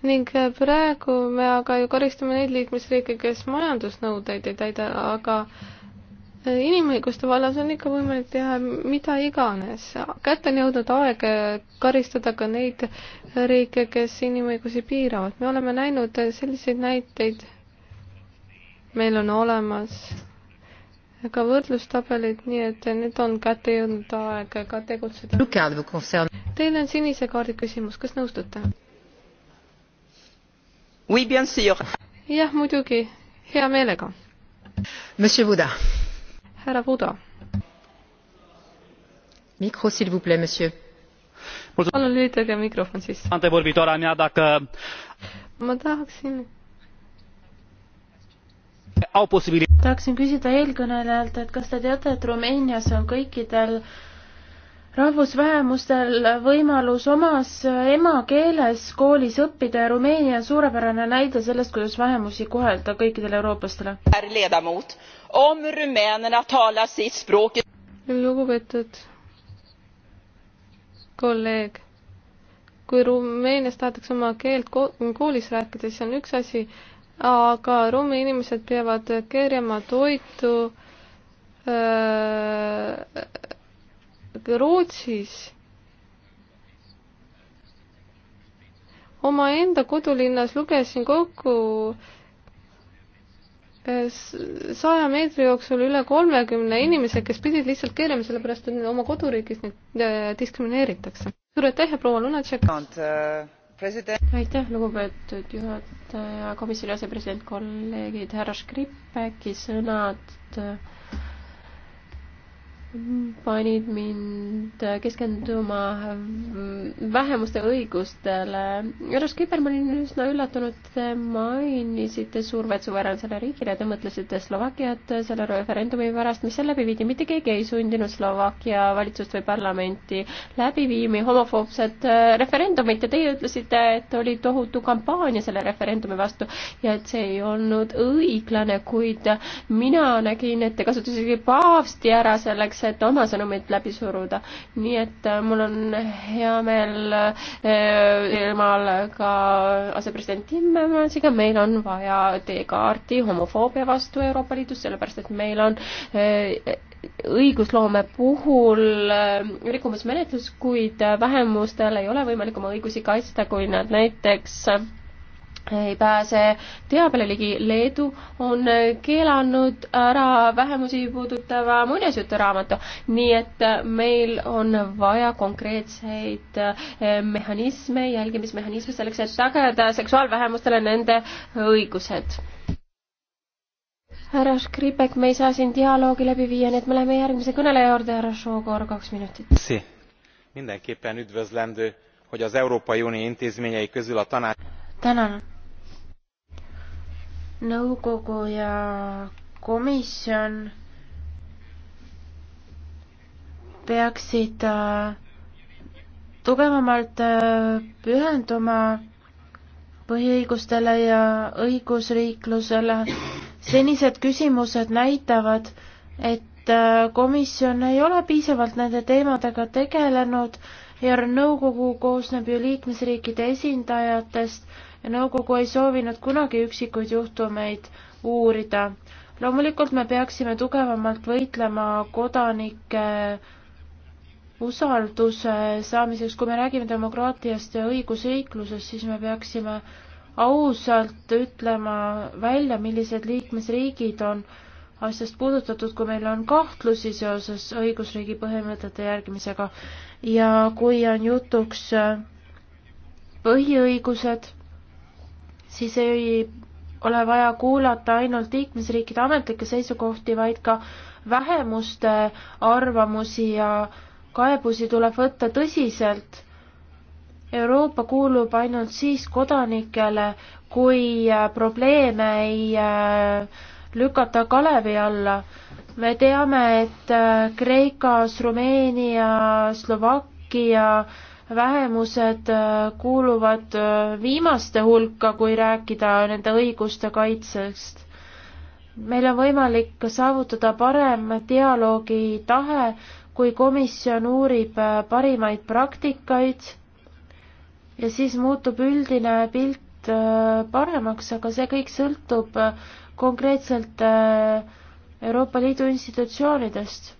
ning praegu me aga ju karistame neid liikmesriike, kes majandusnõudeid ei täida, aga inimõiguste vallas on ikka võimalik teha mida iganes. kätte on jõudnud aeg karistada ka neid riike, kes inimõigusi piiravad. me oleme näinud selliseid näiteid. meil on olemas ka võrdlustabelid, nii et nüüd on kätte jõudnud aeg ka tegutseda. Teil on sinise kaardi küsimus, kas nõustute? jah, muidugi, hea meelega. Monsieur Buda härra Vudo. mikro, s'il vous plaît, monsieur. palun lülitage mikrofon sisse. ma tahaksin tahaksin küsida eelkõnelejalt, et kas te teate, et Rumeenias on kõikidel rahvusvähemustel võimalus omas emakeeles koolis õppida ja Rumeenia on suurepärane näide sellest, kuidas vähemusi kohelda kõikidele eurooplastele om rumänerna talar sitt språk. lugupeetud kolleeg, kui Rumeenias tahetakse oma keelt koolis rääkida, siis on üks asi, aga Romi inimesed peavad keerama toitu öö, äh, Rootsis omaenda kodulinnas lugesin kokku saja meetri jooksul üle kolmekümne inimese, kes pidid lihtsalt keelama, sellepärast et oma koduriigis neid äh, diskrimineeritakse. suur aitäh ja proua Lunatšek! Äh, aitäh, lugupeetud juhataja, komisjoni asepresident, kolleegid, härra Škripeki sõnad äh, panid mind keskenduma vähemuste õigustele. Jaros Kiper, ma olin üsna üllatunud, te mainisite survet suveräänsele riigile, te mõtlesite Slovakkiat selle referendumi pärast, mis seal läbi viidi, mitte keegi ei sundinud Slovakkia valitsust või parlamenti läbi viima homofoobset äh, referendumit ja teie ütlesite, et oli tohutu kampaania selle referendumi vastu ja et see ei olnud õiglane, kuid mina nägin, et te kasutasite paavsti ära selleks, selleks, et oma sõnumit läbi suruda. nii et äh, mul on hea meel firmal äh, ka asepresident Timmermansiga, meil on vaja teekaarti homofoobia vastu Euroopa Liidus, sellepärast et meil on äh, õigusloome puhul rikkumismenetlus, kuid vähemustel ei ole võimalik oma õigusi kaitsta, kui nad näiteks ei pääse teabele ligi. Leedu on keelanud ära vähemusi puudutava muinasjuturaamatu, nii et meil on vaja konkreetseid eh, mehhanisme, jälgimismehhanisme selleks, et tagada seksuaalvähemustele nende õigused. härra Škripek, me ei saa siin dialoogi läbi viia, nii et me läheme järgmise kõneleja juurde, härra Šogor, kaks minutit. mindenképpen üdvözlendő, hogy az Európai Unió intézményei közül a tanács tänan nõukogu ja komisjon peaksid äh, tugevamalt äh, pühenduma põhiõigustele ja õigusriiklusele. senised küsimused näitavad, et äh, komisjon ei ole piisavalt nende teemadega tegelenud ja nõukogu koosneb ju liikmesriikide esindajatest ja nõukogu ei soovinud kunagi üksikuid juhtumeid uurida. loomulikult me peaksime tugevamalt võitlema kodanike usalduse saamiseks, kui me räägime demokraatiast ja õigusriiklusest, siis me peaksime ausalt ütlema välja, millised liikmesriigid on asjast puudutatud, kui meil on kahtlusi seoses õigusriigi põhimõtete järgimisega ja kui on jutuks põhiõigused siis ei ole vaja kuulata ainult liikmesriikide ametlikke seisukohti, vaid ka vähemuste arvamusi ja kaebusi tuleb võtta tõsiselt. Euroopa kuulub ainult siis kodanikele, kui äh, probleeme ei äh, lükata kalevi alla. me teame, et äh, Kreekas, Rumeenia, Slovakkia vähemused äh, kuuluvad äh, viimaste hulka, kui rääkida nende õiguste kaitsest. meil on võimalik saavutada parem dialoogi tahe, kui komisjon uurib äh, parimaid praktikaid ja siis muutub üldine pilt paremaks, aga see kõik sõltub konkreetselt Euroopa Liidu institutsioonidest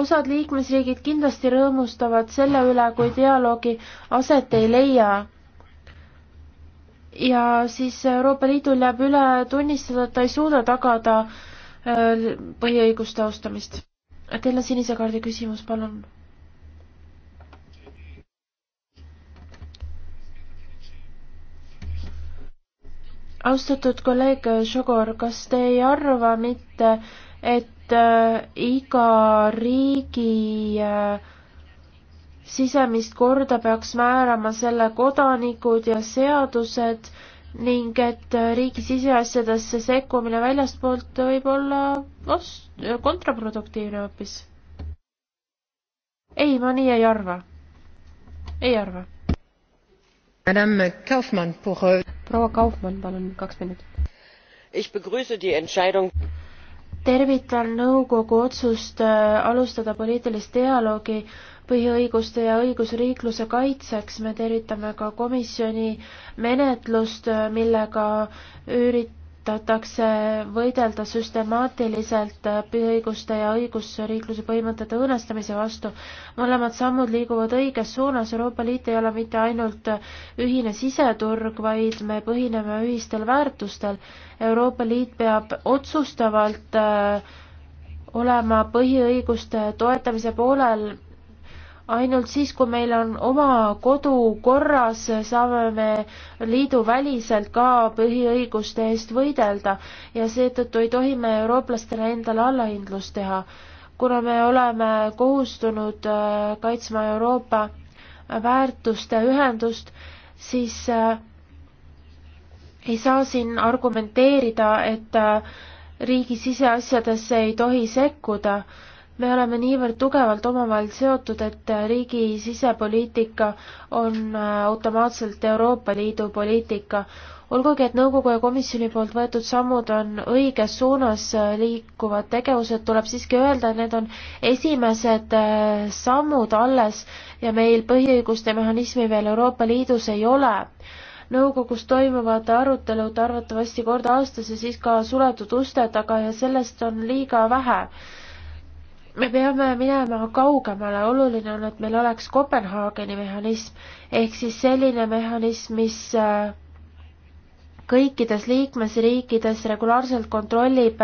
osad liikmesriigid kindlasti rõõmustavad selle üle, kui dialoogi aset ei leia. ja siis Euroopa Liidul jääb üle tunnistada, et ta ei suuda tagada äh, põhiõiguste austamist. Teil on sinise kaardi küsimus, palun. austatud kolleeg Šogor, kas te ei arva mitte, et Äh, iga riigi äh, sisemist korda peaks määrama selle kodanikud ja seadused ning et äh, riigi siseasjadesse sekkumine väljastpoolt võib olla vast-, kontraproduktiivne hoopis. ei, ma nii ei arva. ei arva. Euh, proua Kaufmann, palun kaks minutit tervitan nõukogu otsust äh, alustada poliitilist dialoogi põhiõiguste ja õigusriikluse kaitseks. me tervitame ka komisjoni menetlust, äh, millega ürit-, üritatakse võidelda süstemaatiliselt õiguste ja õigusriikluse põhimõtete õõnestamise vastu. mõlemad sammud liiguvad õiges suunas, Euroopa Liit ei ole mitte ainult ühine siseturg, vaid me põhineme ühistel väärtustel. Euroopa Liit peab otsustavalt äh, olema põhiõiguste toetamise poolel ainult siis, kui meil on oma kodu korras, saame me liiduväliselt ka põhiõiguste eest võidelda ja seetõttu ei tohi me eurooplastele endale allahindlust teha, kuna me oleme kohustunud äh, kaitsma Euroopa väärtuste ühendust, siis äh, ei saa siin argumenteerida, et äh, riigi siseasjadesse ei tohi sekkuda me oleme niivõrd tugevalt omavahel seotud, et riigi sisepoliitika on äh, automaatselt Euroopa Liidu poliitika. olgugi, et nõukogu ja komisjoni poolt võetud sammud on õiges suunas äh, liikuvad tegevused, tuleb siiski öelda, et need on esimesed äh, sammud alles ja meil põhiõiguste mehhanismi veel Euroopa Liidus ei ole nõukogus toimuvad arutelud arvatavasti kord aastas ja siis ka suletud uste taga ja sellest on liiga vähe me peame minema kaugemale, oluline on, et meil oleks Kopenhaageni mehhanism ehk siis selline mehhanism, mis äh, kõikides liikmesriikides regulaarselt kontrollib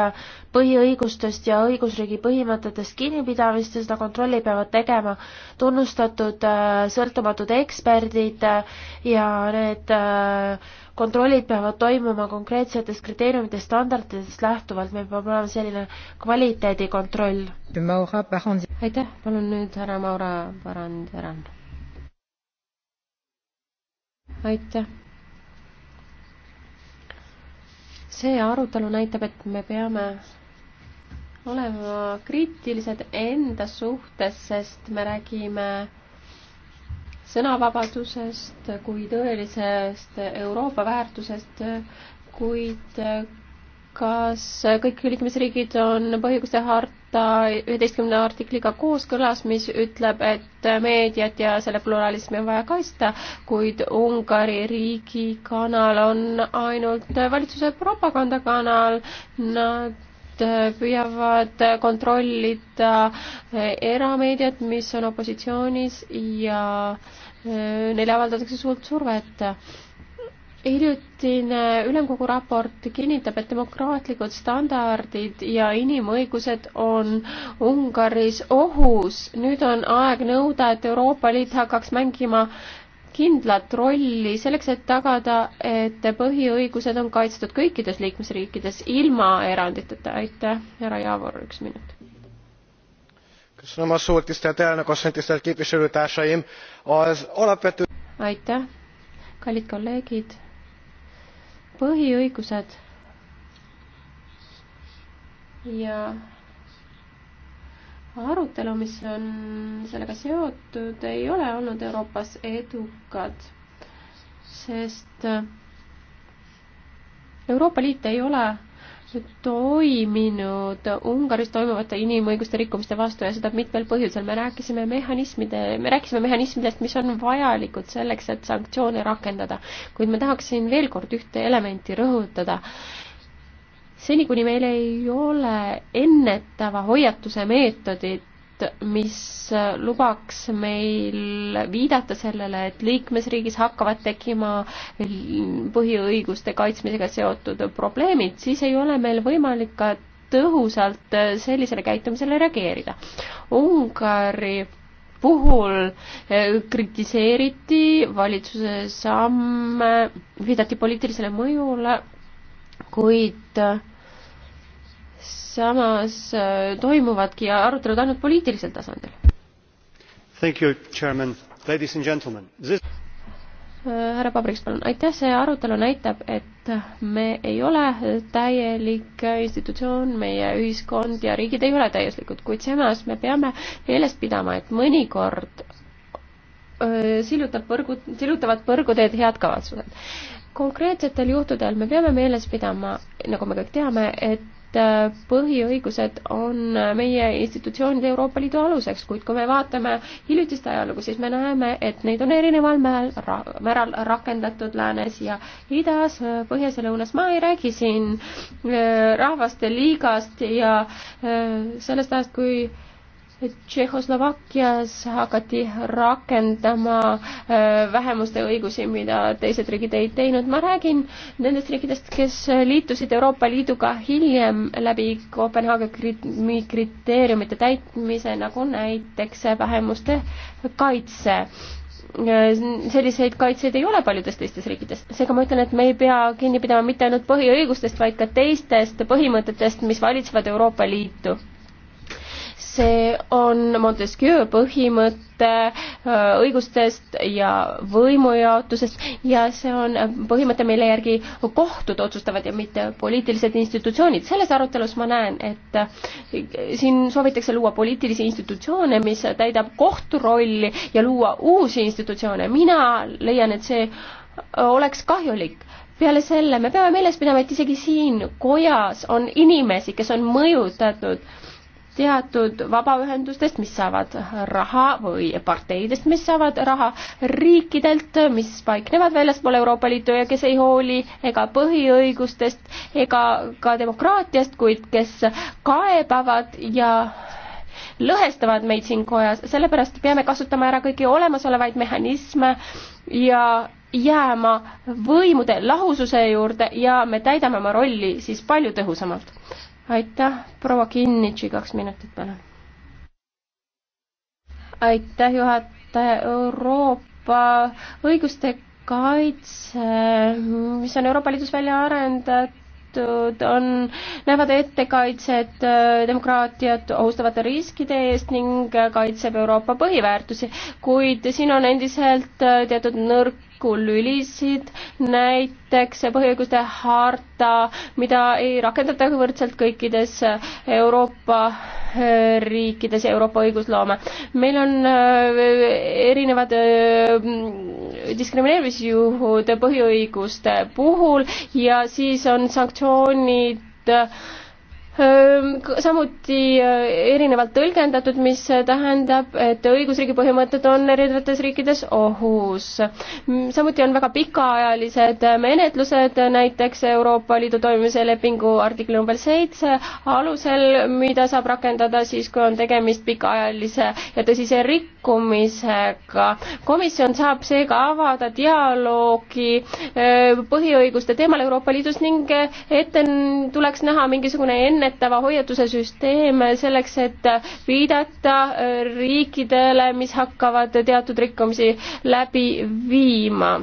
põhiõigustest ja õigusriigi põhimõtetest kinnipidamist ja seda kontrolli peavad tegema tunnustatud äh, sõltumatud eksperdid äh, ja need äh, kontrollid peavad toimuma konkreetsetest kriteeriumitest, standarditest lähtuvalt, meil peab olema selline kvaliteedikontroll. aitäh, palun nüüd härra Maura Parand-Veran. aitäh see arutelu näitab, et me peame olema kriitilised enda suhtes, sest me räägime sõnavabadusest kui tõelisest Euroopa väärtusest, kuid kas kõik liikmesriigid on põhiõiguste harta üheteistkümne artikliga kooskõlas, mis ütleb, et meediat ja selle pluralismi on vaja kaitsta, kuid Ungari riigikanal on ainult valitsuse propagandakanal, nad püüavad kontrollida erameediat, mis on opositsioonis ja neile avaldatakse suurt survet hiljutine ülemkogu raport kinnitab, et demokraatlikud standardid ja inimõigused on Ungaris ohus. nüüd on aeg nõuda, et Euroopa Liit hakkaks mängima kindlat rolli selleks, et tagada, et põhiõigused on kaitstud kõikides liikmesriikides ilma eranditeta. aitäh, härra Javor, üks minut. aitäh, kallid kolleegid põhiõigused ja arutelu, mis on sellega seotud, ei ole olnud Euroopas edukad, sest Euroopa Liit ei ole toiminud Ungaris toimuvate inimõiguste rikkumiste vastu ja seda mitmel põhjusel. me rääkisime mehhanismide, me rääkisime mehhanismidest, mis on vajalikud selleks, et sanktsioone rakendada. kuid ma tahaksin veel kord ühte elementi rõhutada. seni, kuni meil ei ole ennetava hoiatuse meetodit, mis lubaks meil viidata sellele, et liikmesriigis hakkavad tekkima põhiõiguste kaitsmisega seotud probleemid, siis ei ole meil võimalik ka tõhusalt sellisele käitumisele reageerida. Ungari puhul eh, kritiseeriti valitsuse samme, viidati poliitilisele mõjule, kuid äh, samas äh, toimuvadki arutelud ainult poliitilisel tasandil. This... Äh, härra Pabriks, palun, aitäh, see arutelu näitab, et me ei ole täielik institutsioon, meie ühiskond ja riigid ei ole täiuslikud, kuid samas me peame meeles pidama, et mõnikord öö, äh, sillutab põrgu, sillutavad põrguteed head kavatsused konkreetsetel juhtudel me peame meeles pidama, nagu me kõik teame, et et äh, põhiõigused on äh, meie institutsioonide Euroopa Liidu aluseks, kuid kui me vaatame hiljutist ajalugu, siis me näeme, et neid on erineval määral, määral rakendatud läänes ja idas, äh, põhjas ja lõunas. ma ei räägi siin rahvaste liigast ja sellest ajast, kui Tšehhoslovakkias hakati rakendama äh, vähemuste õigusi, mida teised riigid ei teinud. ma räägin nendest riikidest, kes liitusid Euroopa Liiduga hiljem läbi Kopenhaageni kriteeriumite täitmise, nagu näiteks vähemuste kaitse. Äh, selliseid kaitseid ei ole paljudes teistes riikides, seega ma ütlen, et me ei pea kinni pidama mitte ainult põhiõigustest, vaid ka teistest põhimõtetest, mis valitsevad Euroopa Liitu see on Montesquieu põhimõte äh, õigustest ja võimujaotusest ja see on äh, põhimõte, mille järgi kohtud otsustavad ja mitte poliitilised institutsioonid. selles arutelus ma näen, et äh, siin soovitakse luua poliitilisi institutsioone, mis täidab kohtu rolli ja luua uusi institutsioone. mina leian, et see oleks kahjulik peale selle me peame meeles pidama, et isegi siin kojas on inimesi, kes on mõjutatud teatud vabaühendustest, mis saavad raha või parteidest, mis saavad raha riikidelt, mis paiknevad väljaspool Euroopa Liitu ja kes ei hooli ega põhiõigustest ega ka demokraatiast, kuid kes kaebavad ja lõhestavad meid siin kojas, sellepärast peame kasutama ära kõiki olemasolevaid mehhanisme ja jääma võimude lahususe juurde ja me täidame oma rolli siis palju tõhusamalt aitäh, proua Kinnitši, kaks minutit, palun. aitäh, juhataja, Euroopa õiguste kaitse, mis on Euroopa Liidus välja arendatud, on, näevad ette kaitset äh, demokraatiat ohustavate riskide eest ning kaitseb Euroopa põhiväärtusi, kuid siin on endiselt äh, teatud nõrk kokku lülisid, näiteks põhiõiguste harta, mida ei rakendata võrdselt kõikides Euroopa äh, riikides ja Euroopa õigusloome. meil on äh, erinevad äh, diskrimineerimisjuhud põhiõiguste puhul ja siis on sanktsioonid samuti erinevalt tõlgendatud, mis tähendab, et õigusriigi põhimõtted on erinevates riikides ohus. samuti on väga pikaajalised menetlused, näiteks Euroopa Liidu toimimise lepingu artikli number seitse alusel, mida saab rakendada siis, kui on tegemist pikaajalise ja tõsise rikkumisega. komisjon saab seega avada dialoogi põhiõiguste teemal Euroopa Liidus ning ette tuleks näha mingisugune enne ennetava hoiatuse süsteem selleks, et viidata äh, riikidele, mis hakkavad teatud rikkumisi läbi viima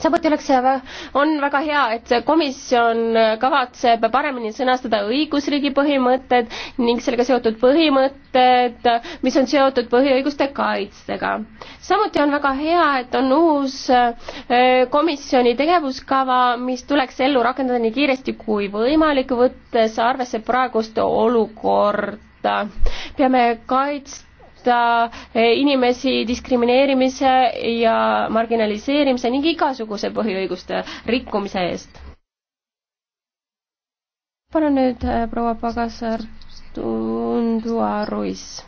samuti oleks hea, on väga hea, et komisjon kavatseb paremini sõnastada õigusriigi põhimõtted ning sellega seotud põhimõtted, mis on seotud põhiõiguste kaitsega. samuti on väga hea, et on uus äh, komisjoni tegevuskava, mis tuleks ellu rakendada nii kiiresti kui võimalik, võttes arvesse praegust olukorda. peame kaits-, kaitsta eh, inimesi diskrimineerimise ja marginaliseerimise ning igasuguse põhiõiguste rikkumise eest. palun nüüd eh, proua Pagasar Tunduaruis.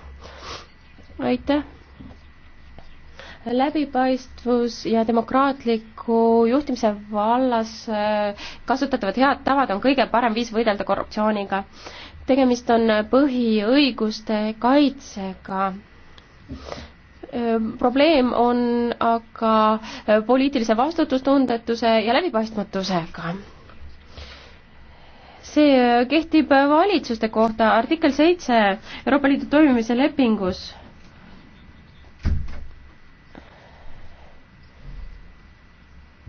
aitäh läbipaistvus ja demokraatliku juhtimise vallas eh, kasutatavad head tavad on kõige parem viis võidelda korruptsiooniga. tegemist on põhiõiguste kaitsega Ehm, probleem on aga eh, poliitilise vastutustundetuse ja läbipaistmatusega. see eh, kehtib valitsuste kohta, artikkel seitse Euroopa Liidu toimimise lepingus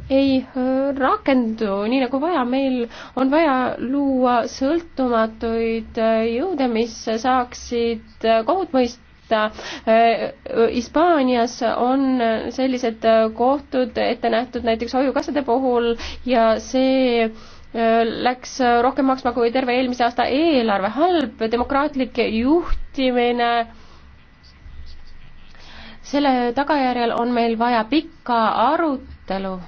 ei eh, rakendu nii nagu vaja, meil on vaja luua sõltumatuid jõude, mis saaksid kohut mõista võtta. Äh, Hispaanias on sellised äh, kohtud ette nähtud näiteks hoiukassade puhul ja see äh, läks rohkem maksma kui terve eelmise aasta eelarve, halb demokraatlik juhtimine selle tagajärjel on meil vaja pikka arutelu.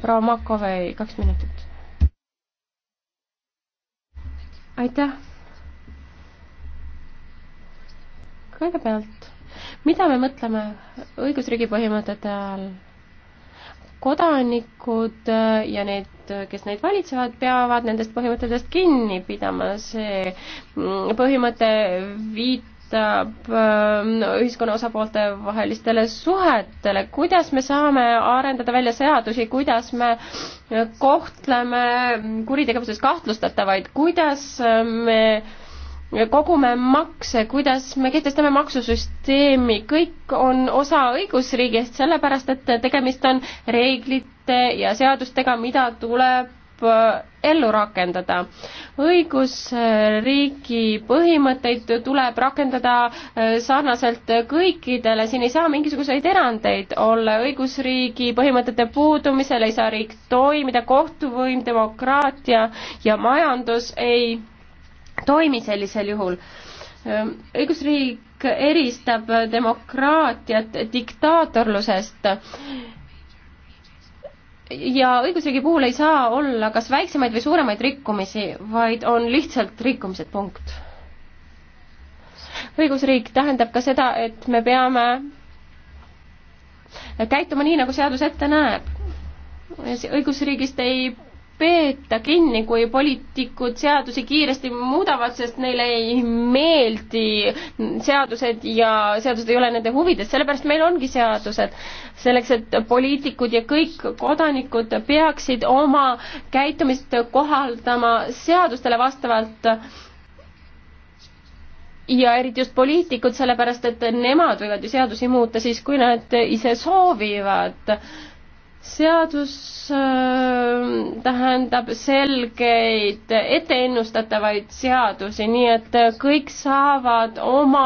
proua Makovei, kaks minutit. aitäh kõigepealt, mida me mõtleme õigusriigi põhimõtete all? kodanikud äh, ja need, kes neid valitsevad, peavad nendest põhimõtetest kinni pidama, see mm, põhimõte viit-, viitab äh, ühiskonna osapoolte vahelistele suhetele, kuidas me saame arendada välja seadusi, kuidas me kohtleme kuritegevuses kahtlustatavaid, kuidas äh, me kogume makse, kuidas me kehtestame maksusüsteemi, kõik on osa õigusriigist, sellepärast et tegemist on reeglite ja seadustega, mida tuleb äh, ellu rakendada. õigusriigi põhimõtteid tuleb rakendada äh, sarnaselt kõikidele, siin ei saa mingisuguseid erandeid olla, õigusriigi põhimõtete puudumisel ei saa riik toimida, kohtuvõim, demokraatia ja majandus ei toimi sellisel juhul. Ehm, õigusriik eristab demokraatiat diktaatorlusest ja õigusriigi puhul ei saa olla kas väiksemaid või suuremaid rikkumisi, vaid on lihtsalt rikkumised, punkt. õigusriik tähendab ka seda, et me peame käituma nii, nagu seadus ette näeb. õigusriigist ei peeta kinni, kui poliitikud seadusi kiiresti muudavad, sest neile ei meeldi seadused ja seadused ei ole nende huvides, sellepärast meil ongi seadused. selleks, et poliitikud ja kõik kodanikud peaksid oma käitumist kohaldama seadustele vastavalt ja eriti just poliitikud, sellepärast et nemad võivad ju seadusi muuta siis, kui nad ise soovivad seadus äh, tähendab selgeid etteennustatavaid seadusi, nii et äh, kõik saavad oma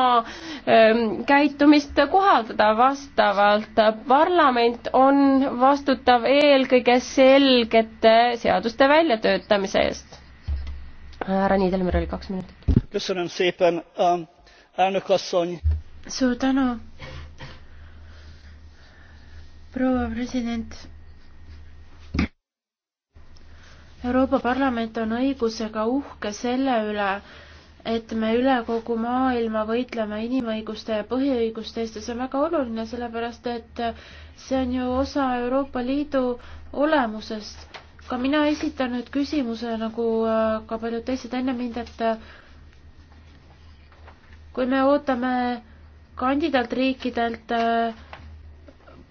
ähm, käitumist kohaldada vastavalt. parlament on vastutav eelkõige selgete seaduste väljatöötamise eest. härra Niidelmer oli kaks minutit. Um, suur tänu proua president. Euroopa Parlament on õigusega uhke selle üle, et me üle kogu maailma võitleme inimõiguste ja põhiõiguste eest ja see on väga oluline, sellepärast et see on ju osa Euroopa Liidu olemusest. ka mina esitan nüüd küsimuse, nagu äh, ka paljud teised enne mind, et äh, kui me ootame kandidaatriikidelt äh,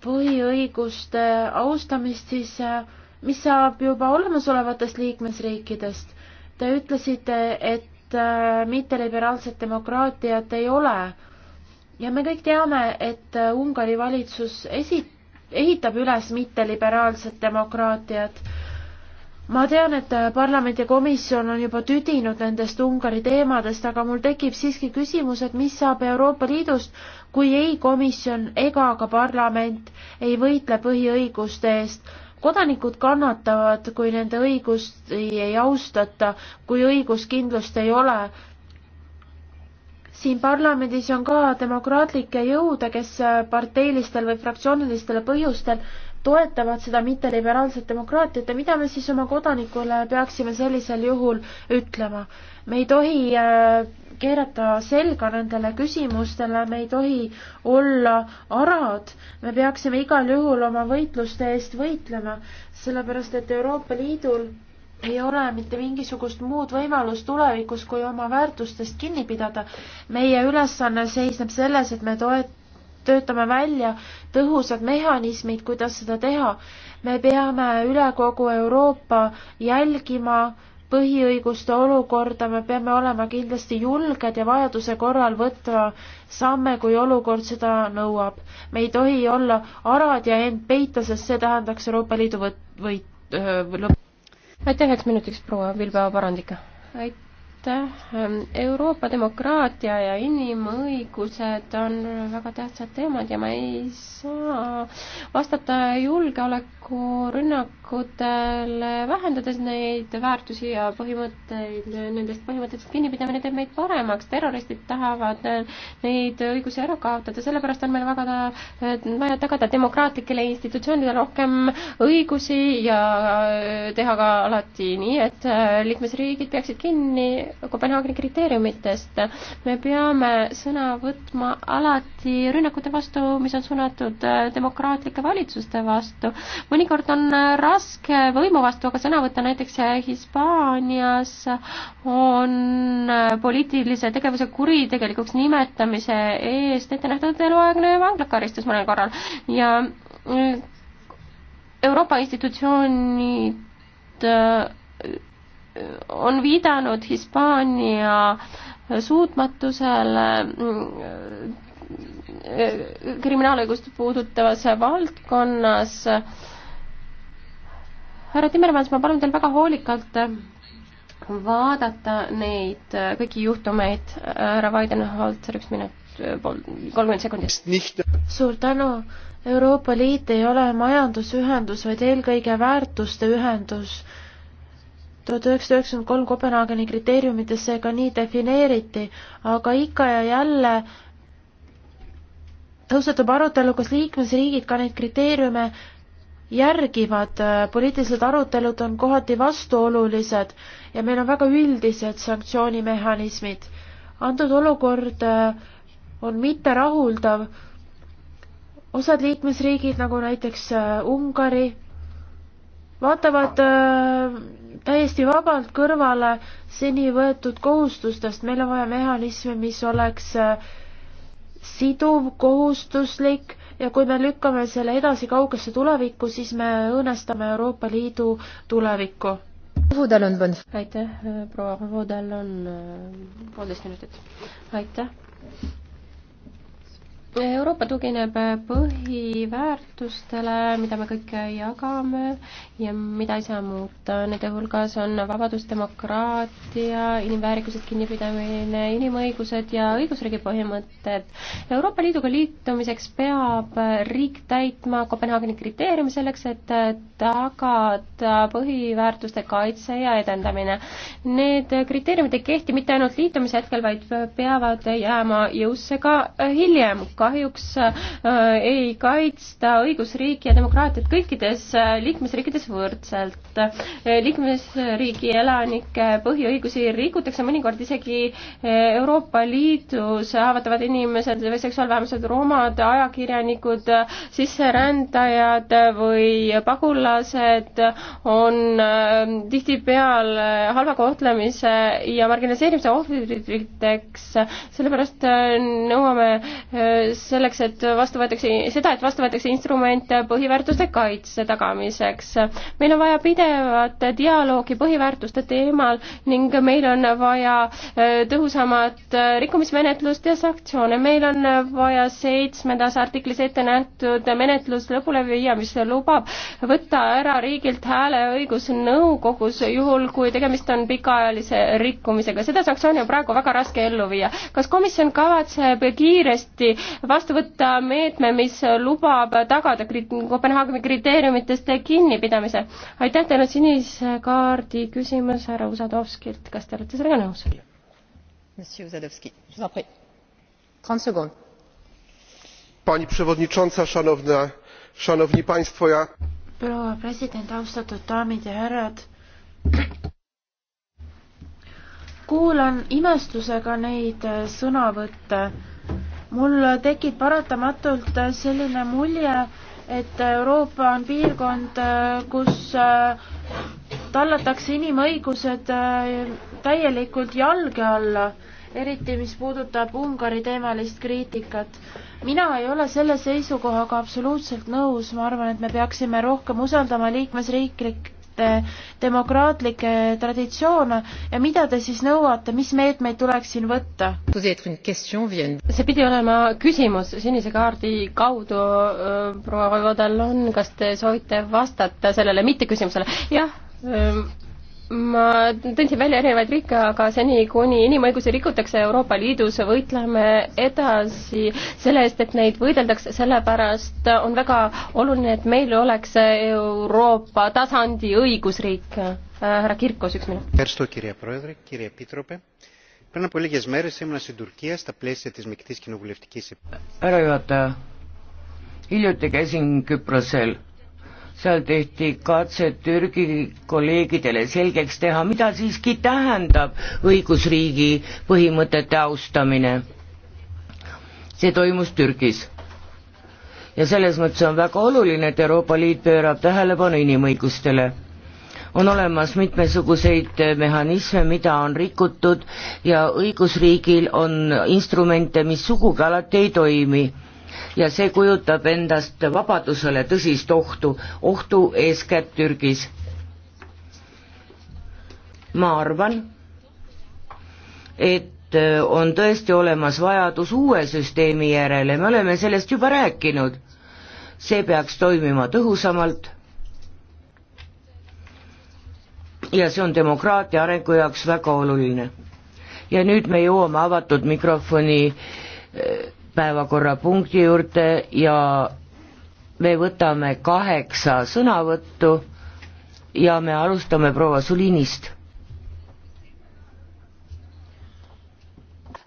põhiõiguste austamist, siis äh, mis saab juba olemasolevatest liikmesriikidest? Te ütlesite, et äh, mitteliberaalset demokraatiat ei ole ja me kõik teame, et äh, Ungari valitsus esi-, ehitab üles mitteliberaalset demokraatiat ma tean, et äh, parlament ja komisjon on juba tüdinud nendest Ungari teemadest, aga mul tekib siiski küsimus, et mis saab Euroopa Liidust, kui ei komisjon ega ka parlament ei võitle põhiõiguste eest. kodanikud kannatavad, kui nende õigust ei austata, kui õiguskindlust ei ole. siin parlamendis on ka demokraatlikke jõude, kes äh, parteilistel või fraktsioonilistel põhjustel toetavad seda mitteliberaalset demokraatiat ja mida me siis oma kodanikule peaksime sellisel juhul ütlema? me ei tohi äh, keerata selga nendele küsimustele, me ei tohi olla arad, me peaksime igal juhul oma võitluste eest võitlema, sellepärast et Euroopa Liidul ei ole mitte mingisugust muud võimalust tulevikus, kui oma väärtustest kinni pidada. meie ülesanne seisneb selles, et me toet-, töötame välja tõhusad mehhanismid, kuidas seda teha. me peame üle kogu Euroopa jälgima põhiõiguste olukorda, me peame olema kindlasti julged ja vajaduse korral võtma samme, kui olukord seda nõuab. me ei tohi olla arad ja end peita, sest see tähendaks Euroopa Liidu võit, võit, lõpp. aitäh üheks minutiks, proua Vilbeva Parandika. aitäh aitäh. Euroopa demokraatia ja inimõigused on väga tähtsad teemad ja ma ei saa vastata julgeoleku rünnakutele, vähendades neid väärtusi ja põhimõtteid, nendest põhimõtetest kinnipidamine teeb meid paremaks, terroristid tahavad neid õigusi ära kaotada, sellepärast on meil väga vaja tagada demokraatlikele institutsioonidele rohkem õigusi ja teha ka alati nii, et liikmesriigid peaksid kinni Kopenhaageni kriteeriumitest. me peame sõna võtma alati rünnakute vastu, mis on suunatud demokraatlike valitsuste vastu mõnikord on äh, raske võimu vastu aga sõna võtta, näiteks äh, Hispaanias on äh, poliitilise tegevuse kuritegelikuks nimetamise eest ette nähtud eluaegne vanglakaristus mõnel korral ja Euroopa institutsioonid on viidanud Hispaania suutmatusele kriminaalõigust puudutavas valdkonnas äh, härra Timmermans, ma palun teil väga hoolikalt vaadata neid kõiki juhtumeid, härra Weidenholzer, üks minut, kolmkümmend sekundit. suur tänu. Euroopa Liit ei ole majandusühendus, vaid eelkõige väärtuste ühendus tuhat üheksasada üheksakümmend kolm Kopenhaageni kriteeriumites see ka nii defineeriti, aga ikka ja jälle tõusetub arutelu, kas liikmesriigid ka neid kriteeriume järgivad, äh, poliitilised arutelud on kohati vastuolulised ja meil on väga üldised sanktsioonimehhanismid. antud olukord äh, on mitterahuldav. osad liikmesriigid, nagu näiteks äh, Ungari, vaatavad äh, täiesti vabalt kõrvale seni võetud kohustustest, meil on vaja mehhanismi, mis oleks äh, siduv, kohustuslik ja kui me lükkame selle edasi kaugesse tulevikku, siis me õõnestame Euroopa Liidu tulevikku. aitäh, proua Voodal on äh, poolteist minutit. aitäh Euroopa tugineb põhiväärtustele, mida me kõik jagame ja mida ei saa muuta. Nende hulgas on vabadus, demokraatia, inimväärikusest kinnipidamine, inimõigused ja õigusriigi põhimõtted. Euroopa Liiduga liitumiseks peab riik täitma Kopenhaageni kriteeriumi selleks, et tagada põhiväärtuste kaitse ja edendamine. Need kriteeriumid ei kehti mitte ainult liitumise hetkel, vaid peavad jääma jõusse ka hiljem ka kahjuks äh, ei kaitsta õigusriiki ja demokraatiat kõikides äh, liikmesriikides võrdselt. Äh, liikmesriigi elanike põhiõigusi rikutakse mõnikord isegi Euroopa Liidus haavatavad inimesed või seksuaalvähemused, romad, ajakirjanikud, sisserändajad või pagulased on tihtipeale halva kohtlemise ja marginaliseerimise ohvriteks, sellepärast nõuame selleks, et vastu võetakse, seda, et vastu võetakse instrumente põhiväärtuste kaitse tagamiseks. meil on vaja pidevat dialoogi põhiväärtuste teemal ning meil on vaja äh, tõhusamat äh, rikkumismenetlust ja sanktsioone. meil on vaja seitsmendas artiklis ette nähtud menetlus lõpule viia, mis lubab võtta ära riigilt hääleõigus nõukogus, juhul kui tegemist on pikaajalise rikkumisega. seda sanktsiooni on praegu väga raske ellu viia. kas komisjon kavatseb kiiresti vastu võtta meetme, mis lubab tagada kri-, Kopenhaageni kriteeriumitest kinnipidamise. aitäh, teil on sinise kaardi küsimus härra Usadovskilt, kas te olete sellega nõus? pani przewodnicząca szanowna szanowni państwo ja proua president austatud daamid ja härrad kuulan imestusega neid sõnavõtte mul tekib paratamatult äh, selline mulje, et Euroopa on piirkond, äh, kus äh, tallatakse inimõigused täielikult jalge alla, eriti mis puudutab Ungari teemalist kriitikat. mina ei ole selle seisukohaga absoluutselt nõus, ma arvan, et me peaksime rohkem usaldama liikmesriiklik, rikute demokraatlikke traditsioone ja mida te siis nõuate, mis meetmeid tuleks siin võtta? see pidi olema küsimus sinise kaardi kaudu, proua Vodalon, kas te soovite vastata sellele mitteküsimusele? jah, ma tõin välja erinevaid riike, aga seni, kuni inimõigusi rikutakse Euroopa Liidus, võitleme edasi selle eest, et neid võideldakse, sellepärast on väga oluline, et meil oleks Euroopa tasandi õigusriik. härra Kirkos, üks minut. Πριν από λίγες μέρες ήμουν στην Τουρκία στα πλαίσια της μεικτής κοινοβουλευτικής Άρα, Ιωάτα, ήλιο τεκέσιν Κύπροσελ seal tehti katse Türgi kolleegidele selgeks teha, mida siiski tähendab õigusriigi põhimõtete austamine. see toimus Türgis. ja selles mõttes on väga oluline, et Euroopa Liit pöörab tähelepanu inimõigustele on olemas mitmesuguseid mehhanisme, mida on rikutud ja õigusriigil on instrumente, mis sugugi alati ei toimi ja see kujutab endast vabadusele tõsist ohtu, ohtu eeskätt Türgis. ma arvan, et äh, on tõesti olemas vajadus uue süsteemi järele, me oleme sellest juba rääkinud. see peaks toimima tõhusamalt ja see on demokraatia arengu jaoks väga oluline. ja nüüd me jõuame avatud mikrofoni äh, päevakorrapunkti juurde ja me võtame kaheksa sõnavõttu ja me alustame proua Sulinist.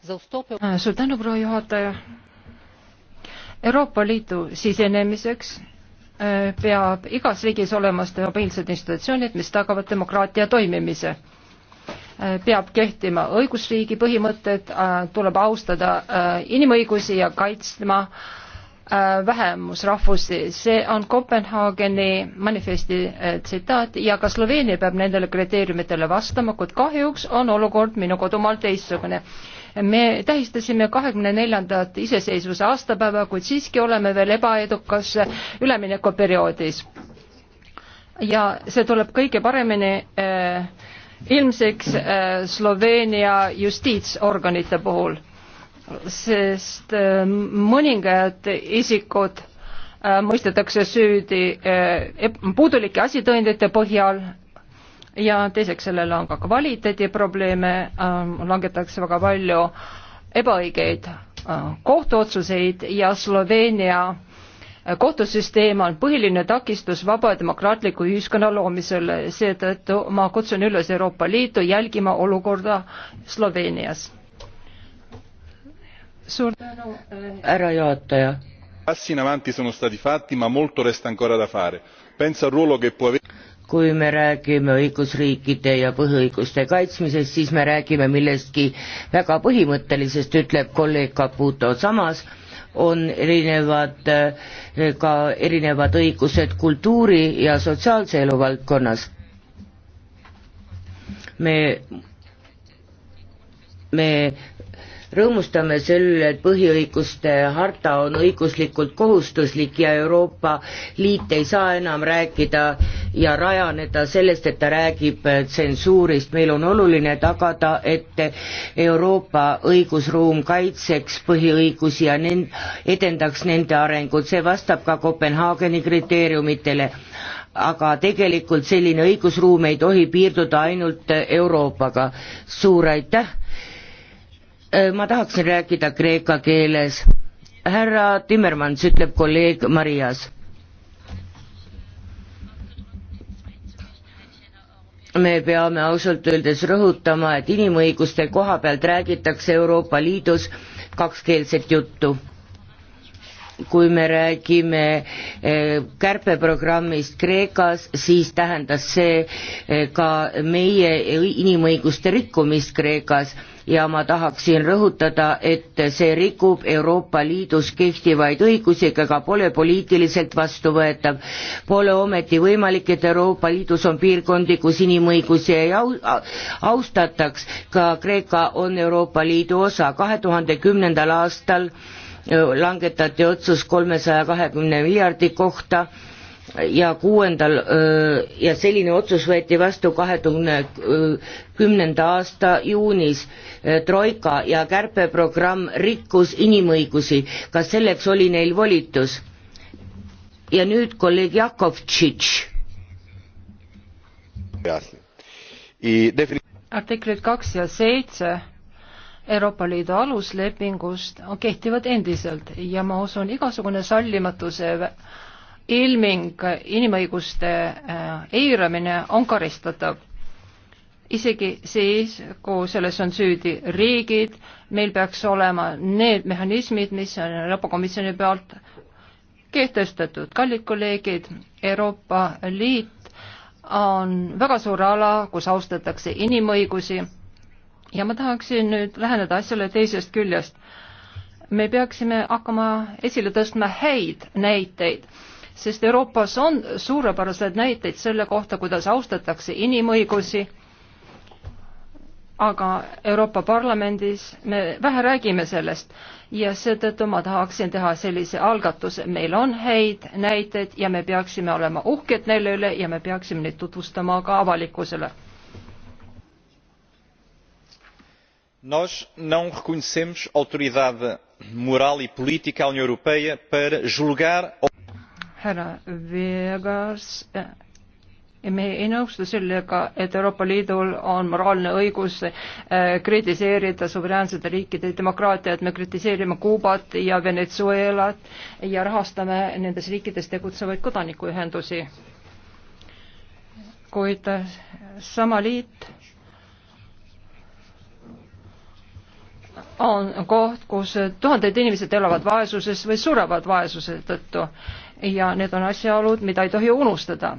suur tänu, proua juhataja. Euroopa Liidu sisenemiseks äh, peab igas riigis olema stabiilsed institutsioonid, mis tagavad demokraatia toimimise peab kehtima õigusriigi põhimõtted, äh, tuleb austada äh, inimõigusi ja kaitsma äh, vähemusrahvusi, see on Kopenhaageni manifesti tsitaat ja ka Sloveenia peab nendele kriteeriumitele vastama, kuid kahjuks on olukord minu kodumaal teistsugune. me tähistasime kahekümne neljandat iseseisvuse aastapäeva, kuid siiski oleme veel ebaedukas üleminekuperioodis. ja see tuleb kõige paremini äh, ilmseks äh, Sloveenia justiitsorganite puhul, sest äh, mõningad isikud äh, mõistetakse süüdi puudulike asitõendite põhjal ja teiseks sellele on ka kvaliteediprobleeme, ähm, langetatakse väga palju ebaõigeid kohtuotsuseid ja Sloveenia kohtusüsteem on põhiline takistus vaba demokraatliku ühiskonna loomisel, seetõttu ma kutsun üles Euroopa Liitu jälgima olukorda Sloveenias. suur tänu, äh, härra juhataja. passi in avanti sono stati fatti, ma molto resta ancora da fare. Penso al ruolo che può avere kui me räägime õigusriikide ja põhiõiguste kaitsmisest, siis me räägime millestki väga põhimõttelisest, ütleb kolleeg Caputo, samas on erinevad, eh, ka erinevad õigused kultuuri ja sotsiaalse elu valdkonnas. me, me rõõmustame selle, et põhiõiguste harta on õiguslikult kohustuslik ja Euroopa Liit ei saa enam rääkida ja rajaneda sellest, et ta räägib tsensuurist, meil on oluline tagada, et Euroopa õigusruum kaitseks põhiõigusi ja nend-, edendaks nende arengut, see vastab ka Kopenhaageni kriteeriumitele aga tegelikult selline õigusruum ei tohi piirduda ainult Euroopaga. suur aitäh Äh, ma tahaksin rääkida kreeka keeles. härra Timmermans, ütleb kolleeg Marias. me peame ausalt öeldes rõhutama, et inimõiguste koha pealt räägitakse Euroopa Liidus kakskeelset juttu kui me räägime äh, kärpeprogrammist Kreekas, siis tähendas see äh, ka meie inimõiguste rikkumist Kreekas ja ma tahaksin rõhutada, et see rikub Euroopa Liidus kehtivaid õigusi, ega pole poliitiliselt vastuvõetav. Pole ometi võimalik, et Euroopa Liidus on piirkondi, kus inimõigusi ei au, austataks, ka Kreeka on Euroopa Liidu osa. kahe tuhande kümnendal aastal langetati otsus kolmesaja kahekümne miljardi kohta ja kuuendal ja selline otsus võeti vastu kahekümne kümnenda aasta juunis. troika ja kärpeprogramm rikkus inimõigusi, kas selleks oli neil volitus? ja nüüd kolleeg Jakovtšitš. artiklid kaks ja seitse Euroopa Liidu aluslepingust kehtivad endiselt ja ma usun, igasugune sallimatuse ilming inimõiguste äh, eiramine on karistatav. isegi siis, kui selles on süüdi riigid, meil peaks olema need mehhanismid, mis on Euroopa Komisjoni pealt kehtestatud. kallid kolleegid, Euroopa Liit on väga suur ala, kus austatakse inimõigusi ja ma tahaksin nüüd läheneda asjale teisest küljest. me peaksime hakkama esile tõstma häid näiteid sest Euroopas on suurepärased näiteid selle kohta, kuidas austatakse inimõigusi, aga Euroopa Parlamendis me vähe räägime sellest ja seetõttu ma tahaksin teha sellise algatuse, meil on häid näiteid ja me peaksime olema uhked neile üle ja me peaksime neid tutvustama ka avalikkusele. Nós não reconhecemos autoridade moral e política à União Europeia para julgar härra Vegas me ei nõustu sellega, et Euroopa Liidul on moraalne õigus äh, kritiseerida suveräänsete riikide demokraatiat, me kritiseerime Kuubat ja Venezuelat ja rahastame nendes riikides tegutsevaid kodanikuühendusi. kuid äh, sama liit on koht, kus tuhanded inimesed elavad vaesuses või surevad vaesuse tõttu ja need on asjaolud, mida ei tohi unustada.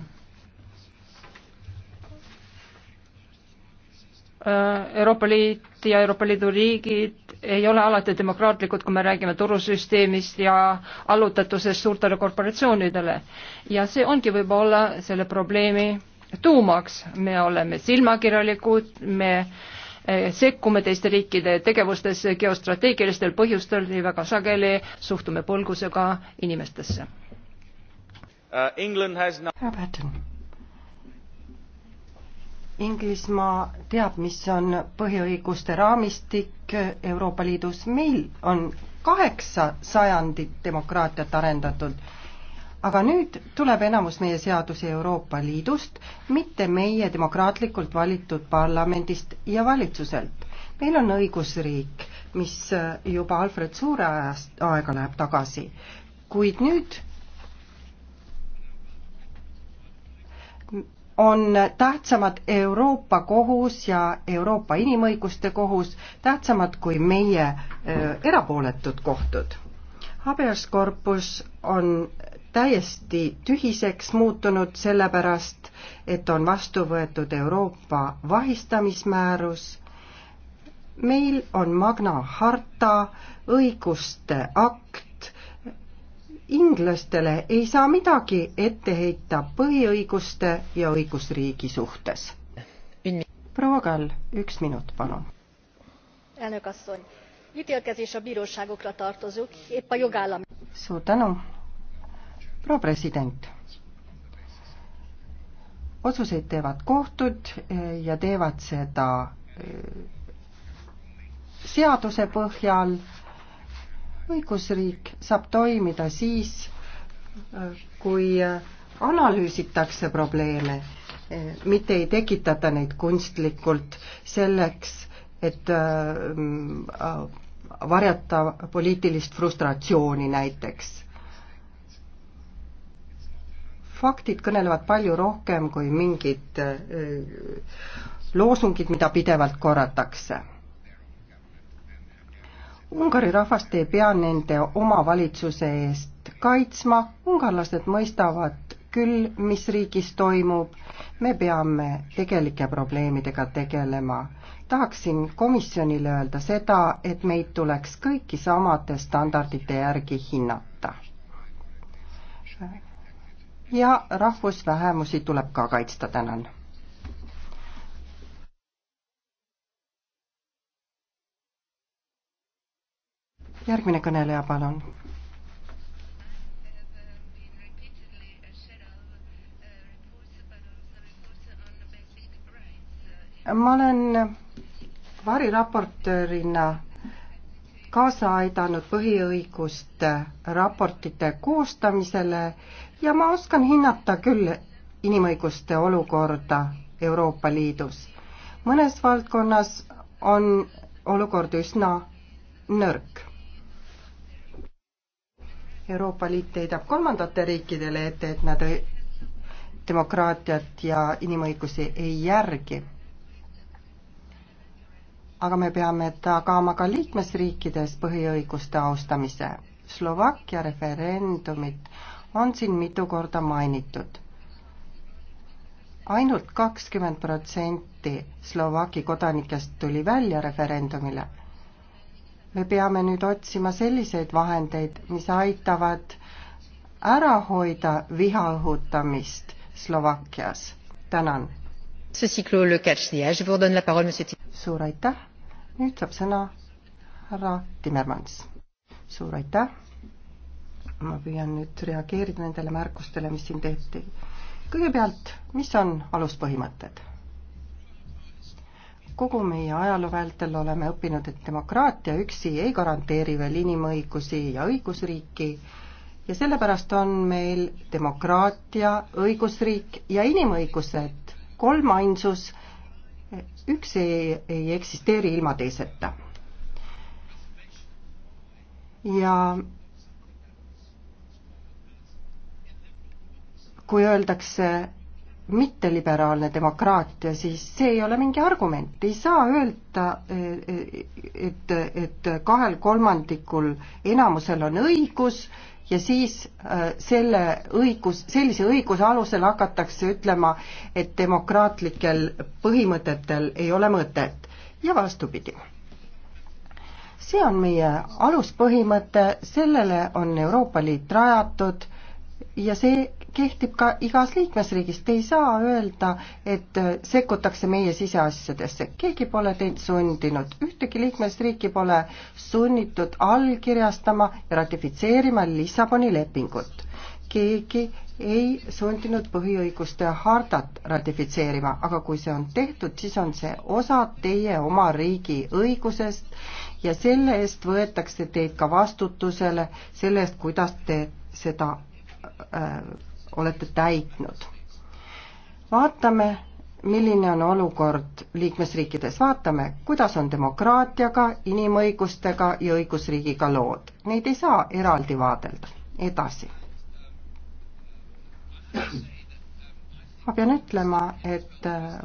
Äh, Euroopa Liit ja Euroopa Liidu riigid ei ole alati demokraatlikud, kui me räägime turusüsteemist ja allutatusest suurtele korporatsioonidele. ja see ongi võib-olla selle probleemi tuumaks, me oleme silmakirjalikud, me äh, sekkume teiste riikide tegevustesse geostrateegilistel põhjustel ja väga sageli suhtume põlgusega inimestesse uh,. England has now. härra Patten. Inglismaa teab, mis on põhiõiguste raamistik Euroopa Liidus, meil on kaheksa sajandit demokraatiat arendatud. aga nüüd tuleb enamus meie seadusi Euroopa Liidust, mitte meie demokraatlikult valitud parlamendist ja valitsuselt. meil on õigusriik, mis juba Alfred Suure ajast aega läheb tagasi, kuid nüüd on tähtsamad Euroopa Kohus ja Euroopa Inimõiguste Kohus, tähtsamad kui meie erapooletud kohtud. Habeas Corpus on täiesti tühiseks muutunud sellepärast, et on vastu võetud Euroopa vahistamismäärus. meil on Magna harta, õiguste akt, inglastele ei saa midagi ette heita põhiõiguste ja õigusriigi suhtes. proua Kall, üks minut, palun. suur tänu, proua president otsuseid teevad kohtud eh, ja teevad seda eh, seaduse põhjal õigusriik saab toimida siis, kui analüüsitakse probleeme, mitte ei tekitata neid kunstlikult selleks, et äh, varjata poliitilist frustratsiooni näiteks. faktid kõnelevad palju rohkem kui mingid äh, loosungid, mida pidevalt korratakse Ungari rahvast ei pea nende omavalitsuse eest kaitsma, ungarlased mõistavad küll, mis riigis toimub, me peame tegelike probleemidega tegelema. tahaksin komisjonile öelda seda, et meid tuleks kõiki samade standardite järgi hinnata. ja rahvusvähemusi tuleb ka kaitsta, tänan järgmine kõneleja, palun. ma olen variraportöörina kaasa aidanud põhiõiguste raportite koostamisele ja ma oskan hinnata küll inimõiguste olukorda Euroopa Liidus. mõnes valdkonnas on olukord üsna nõrk. Euroopa Liit heidab kolmandate riikidele ette, et nad demokraatiat ja inimõigusi ei järgi. aga me peame tagama ka liikmesriikides põhiõiguste austamise. Slovakkia referendumit on siin mitu korda mainitud ainult kakskümmend protsenti Slovaki kodanikest tuli välja referendumile me peame nüüd otsima selliseid vahendeid, mis aitavad ära hoida viha õhutamist Slovakkias. tänan. suur aitäh, nüüd saab sõna härra Timmermans. suur aitäh. ma püüan nüüd reageerida nendele märkustele, mis siin tehti. kõigepealt, mis on aluspõhimõtted? kogu meie ajaloo vältel oleme õppinud, et demokraatia üksi ei garanteeri veel inimõigusi ja õigusriiki ja sellepärast on meil demokraatia, õigusriik ja inimõigused kolm ainsus, üks ei, ei eksisteeri ilma teiseta. ja kui öeldakse, mitteliberaalne demokraatia, siis see ei ole mingi argument, ei saa öelda, et, et kahel kolmandikul enamusel on õigus ja siis äh, selle õigus, sellise õiguse alusel hakatakse ütlema, et demokraatlikel põhimõtetel ei ole mõtet ja vastupidi see on meie aluspõhimõte, sellele on Euroopa Liit rajatud ja see kehtib ka igas liikmesriigis, te ei saa öelda, et äh, sekkutakse meie siseasjadesse, keegi pole teid sundinud, ühtegi liikmesriiki pole sunnitud allkirjastama ja ratifitseerima Lissaboni lepingut. keegi ei sundinud põhiõiguste hardat ratifitseerima, aga kui see on tehtud, siis on see osa teie oma riigi õigusest ja selle eest võetakse teid ka vastutusele, selle eest, kuidas te seda äh, olete täitnud. vaatame, milline on olukord liikmesriikides, vaatame, kuidas on demokraatiaga, inimõigustega ja õigusriigiga lood. Neid ei saa eraldi vaadelda. edasi. ma pean ütlema, et äh,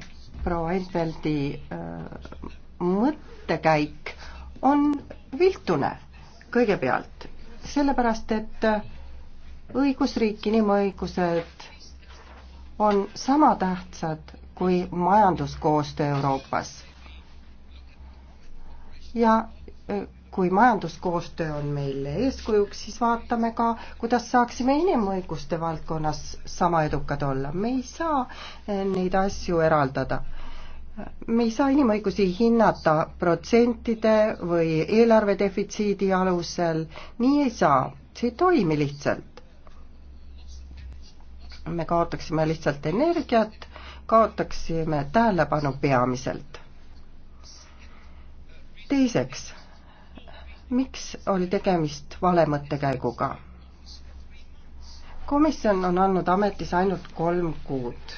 proua Entveldi äh, mõttekäik on viltune kõigepealt, sellepärast et äh, õigusriik, inimõigused on sama tähtsad kui majanduskoostöö Euroopas. ja eh, kui majanduskoostöö on meile eeskujuks, siis vaatame ka, kuidas saaksime inimõiguste valdkonnas sama edukad olla. me ei saa eh, neid asju eraldada. me ei saa inimõigusi hinnata protsentide või eelarve defitsiidi alusel, nii ei saa, see ei toimi lihtsalt me kaotaksime lihtsalt energiat, kaotaksime tähelepanu peamiselt. teiseks, miks oli tegemist vale mõttekäiguga? komisjon on andnud ametis ainult kolm kuud.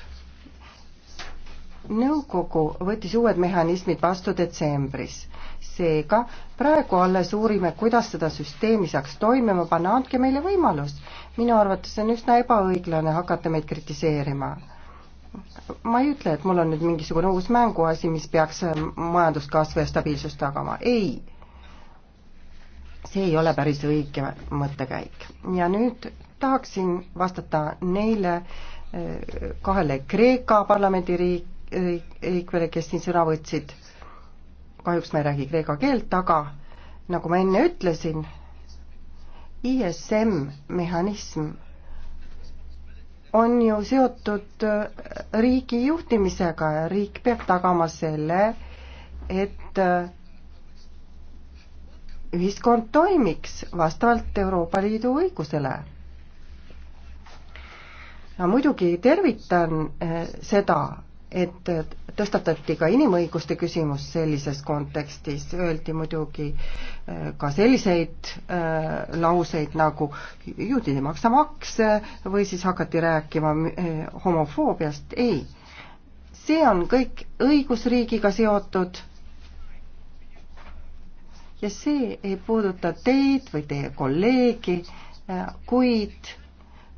nõukogu võttis uued mehhanismid vastu detsembris. seega praegu alles uurime, kuidas seda süsteemi saaks toimima panna, andke meile võimalus minu arvates on üsna ebaõiglane hakata meid kritiseerima. ma ei ütle, et mul on nüüd mingisugune uus mänguasi, mis peaks majanduskasvu ja stabiilsust tagama, ei. see ei ole päris õige mõttekäik ja nüüd tahaksin vastata neile eh, kahele Kreeka parlamendi riik, liikmele, kes siin sõna võtsid. kahjuks ma ei räägi kreeka keelt, aga nagu ma enne ütlesin, ISM mehhanism on ju seotud äh, riigi juhtimisega ja riik peab tagama selle, et äh, ühiskond toimiks vastavalt Euroopa Liidu õigusele. ma muidugi tervitan äh, seda, et tõstatati ka inimõiguste küsimus sellises kontekstis, öeldi muidugi äh, ka selliseid äh, lauseid nagu juudid ei maksa makse või siis hakati rääkima äh, homofoobiast, ei. see on kõik õigusriigiga seotud ja see ei puuduta teid või teie kolleegi, kuid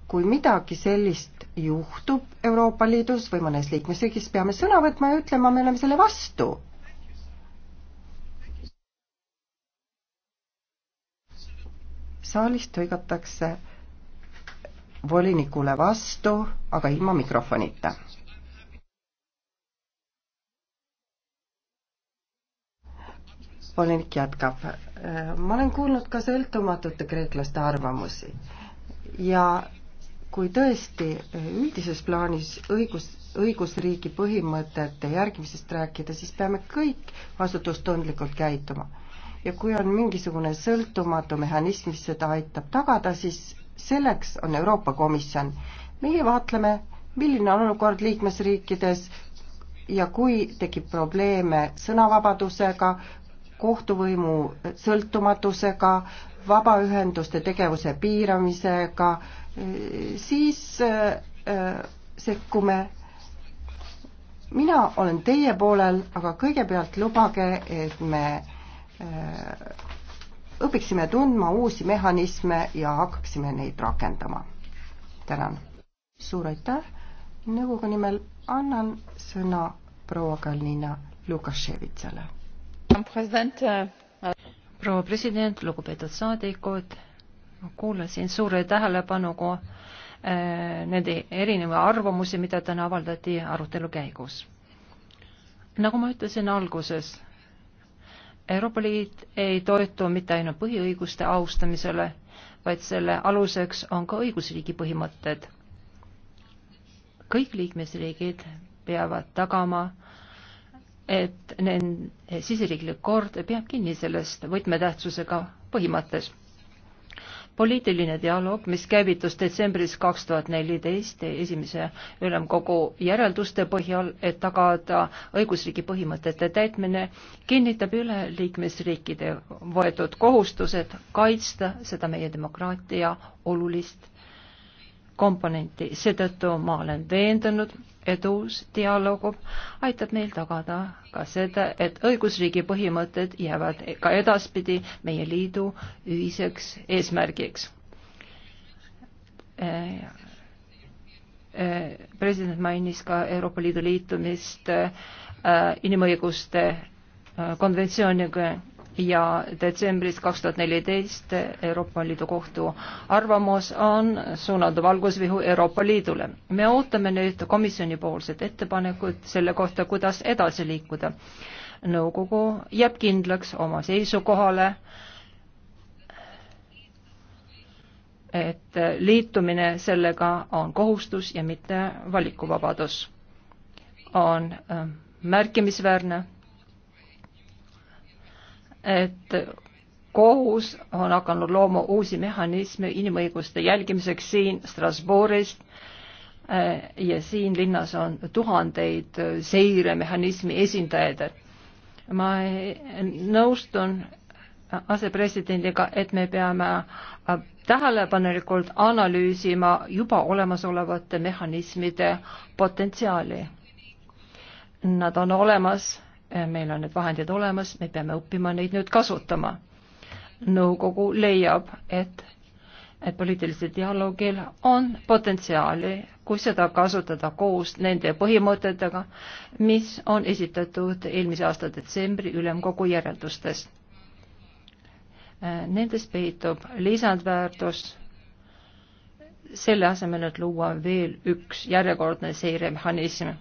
kui midagi sellist juhtub Euroopa Liidus või mõnes liikmesriigis, peame sõna võtma ja ütlema, me oleme selle vastu. saalist hõigatakse volinikule vastu, aga ilma mikrofonita. volinik jätkab. Äh, ma olen kuulnud ka sõltumatute kreeklaste arvamusi ja kui tõesti eh, üldises plaanis õigus, õigusriigi põhimõtete järgimisest rääkida, siis peame kõik vastutustundlikult käituma. ja kui on mingisugune sõltumatu mehhanism, mis seda aitab tagada, siis selleks on Euroopa Komisjon. meie vaatleme, milline on olukord liikmesriikides ja kui tekib probleeme sõnavabadusega, kohtuvõimu sõltumatusega, vabaühenduste tegevuse piiramisega, siis äh, sekkume. mina olen teie poolel, aga kõigepealt lubage, et me äh, õpiksime tundma uusi mehhanisme ja hakkaksime neid rakendama. tänan. suur aitäh. nõukogu nimel annan sõna proua Kalnina Lukaševitsale. president äh, proua president, lugupeetud saadikud, ma kuulasin suure tähelepanuga äh, nende erineva arvamusi, mida täna avaldati arutelu käigus. nagu ma ütlesin alguses, Euroopa Liit ei toetu mitte ainult põhiõiguste austamisele, vaid selle aluseks on ka õigusriigi põhimõtted. kõik liikmesriigid peavad tagama äh, et nende siseriiklik kord peab kinni sellest võtmetähtsusega põhimõttes. poliitiline dialoog, mis käivitus detsembris kaks tuhat neliteist esimese ülemkogu järelduste põhjal, et tagada õigusriigi põhimõtete täitmine, kinnitab üle liikmesriikide võetud kohustused kaitsta seda meie demokraatia olulist komponenti, seetõttu ma olen veendunud, et uus dialoog aitab meil tagada ka seda, et õigusriigi põhimõtted jäävad ka edaspidi meie liidu ühiseks eesmärgiks. Äh, äh, president mainis ka Euroopa Liidu liitumist äh, inimõiguste konventsiooniga ja detsembris kaks tuhat neliteist Euroopa Liidu kohtu arvamus on suunatud valgusvihu Euroopa Liidule. me ootame nüüd komisjonipoolset ettepanekut selle kohta, kuidas edasi liikuda. nõukogu jääb kindlaks oma seisukohale, et liitumine sellega on kohustus ja mitte valikuvabadus. on äh, märkimisväärne et kohus on hakanud looma uusi mehhanisme inimõiguste jälgimiseks siin Strasbourgis äh, ja siin linnas on tuhandeid äh, seiremehhanismi esindajaid. ma nõustun asepresidendiga, et me peame äh, tähelepanelikult analüüsima juba olemasolevate mehhanismide potentsiaali. Nad on olemas Eh, meil on need vahendid olemas, me peame õppima neid nüüd kasutama. nõukogu leiab, et, et poliitilisel dialoogil on potentsiaali, kui seda kasutada koos nende põhimõtetega, mis on esitatud eelmise aasta detsembri ülemkogu järeldustes. Eh, nendes peitub lisandväärtus selle asemel, et luua veel üks järjekordne seiremehhanism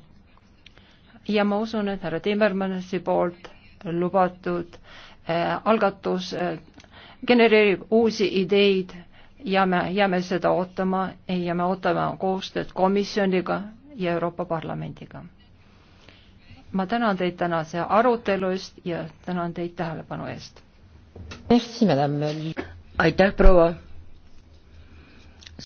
ja ma usun, et härra Timmermansi poolt lubatud äh, algatus äh, genereerib uusi ideid ja me jääme seda ootama ja me ootame koostööd komisjoniga ja Euroopa Parlamendiga. ma tänan teid tänase arutelu eest ja tänan teid tähelepanu eest. aitäh, proua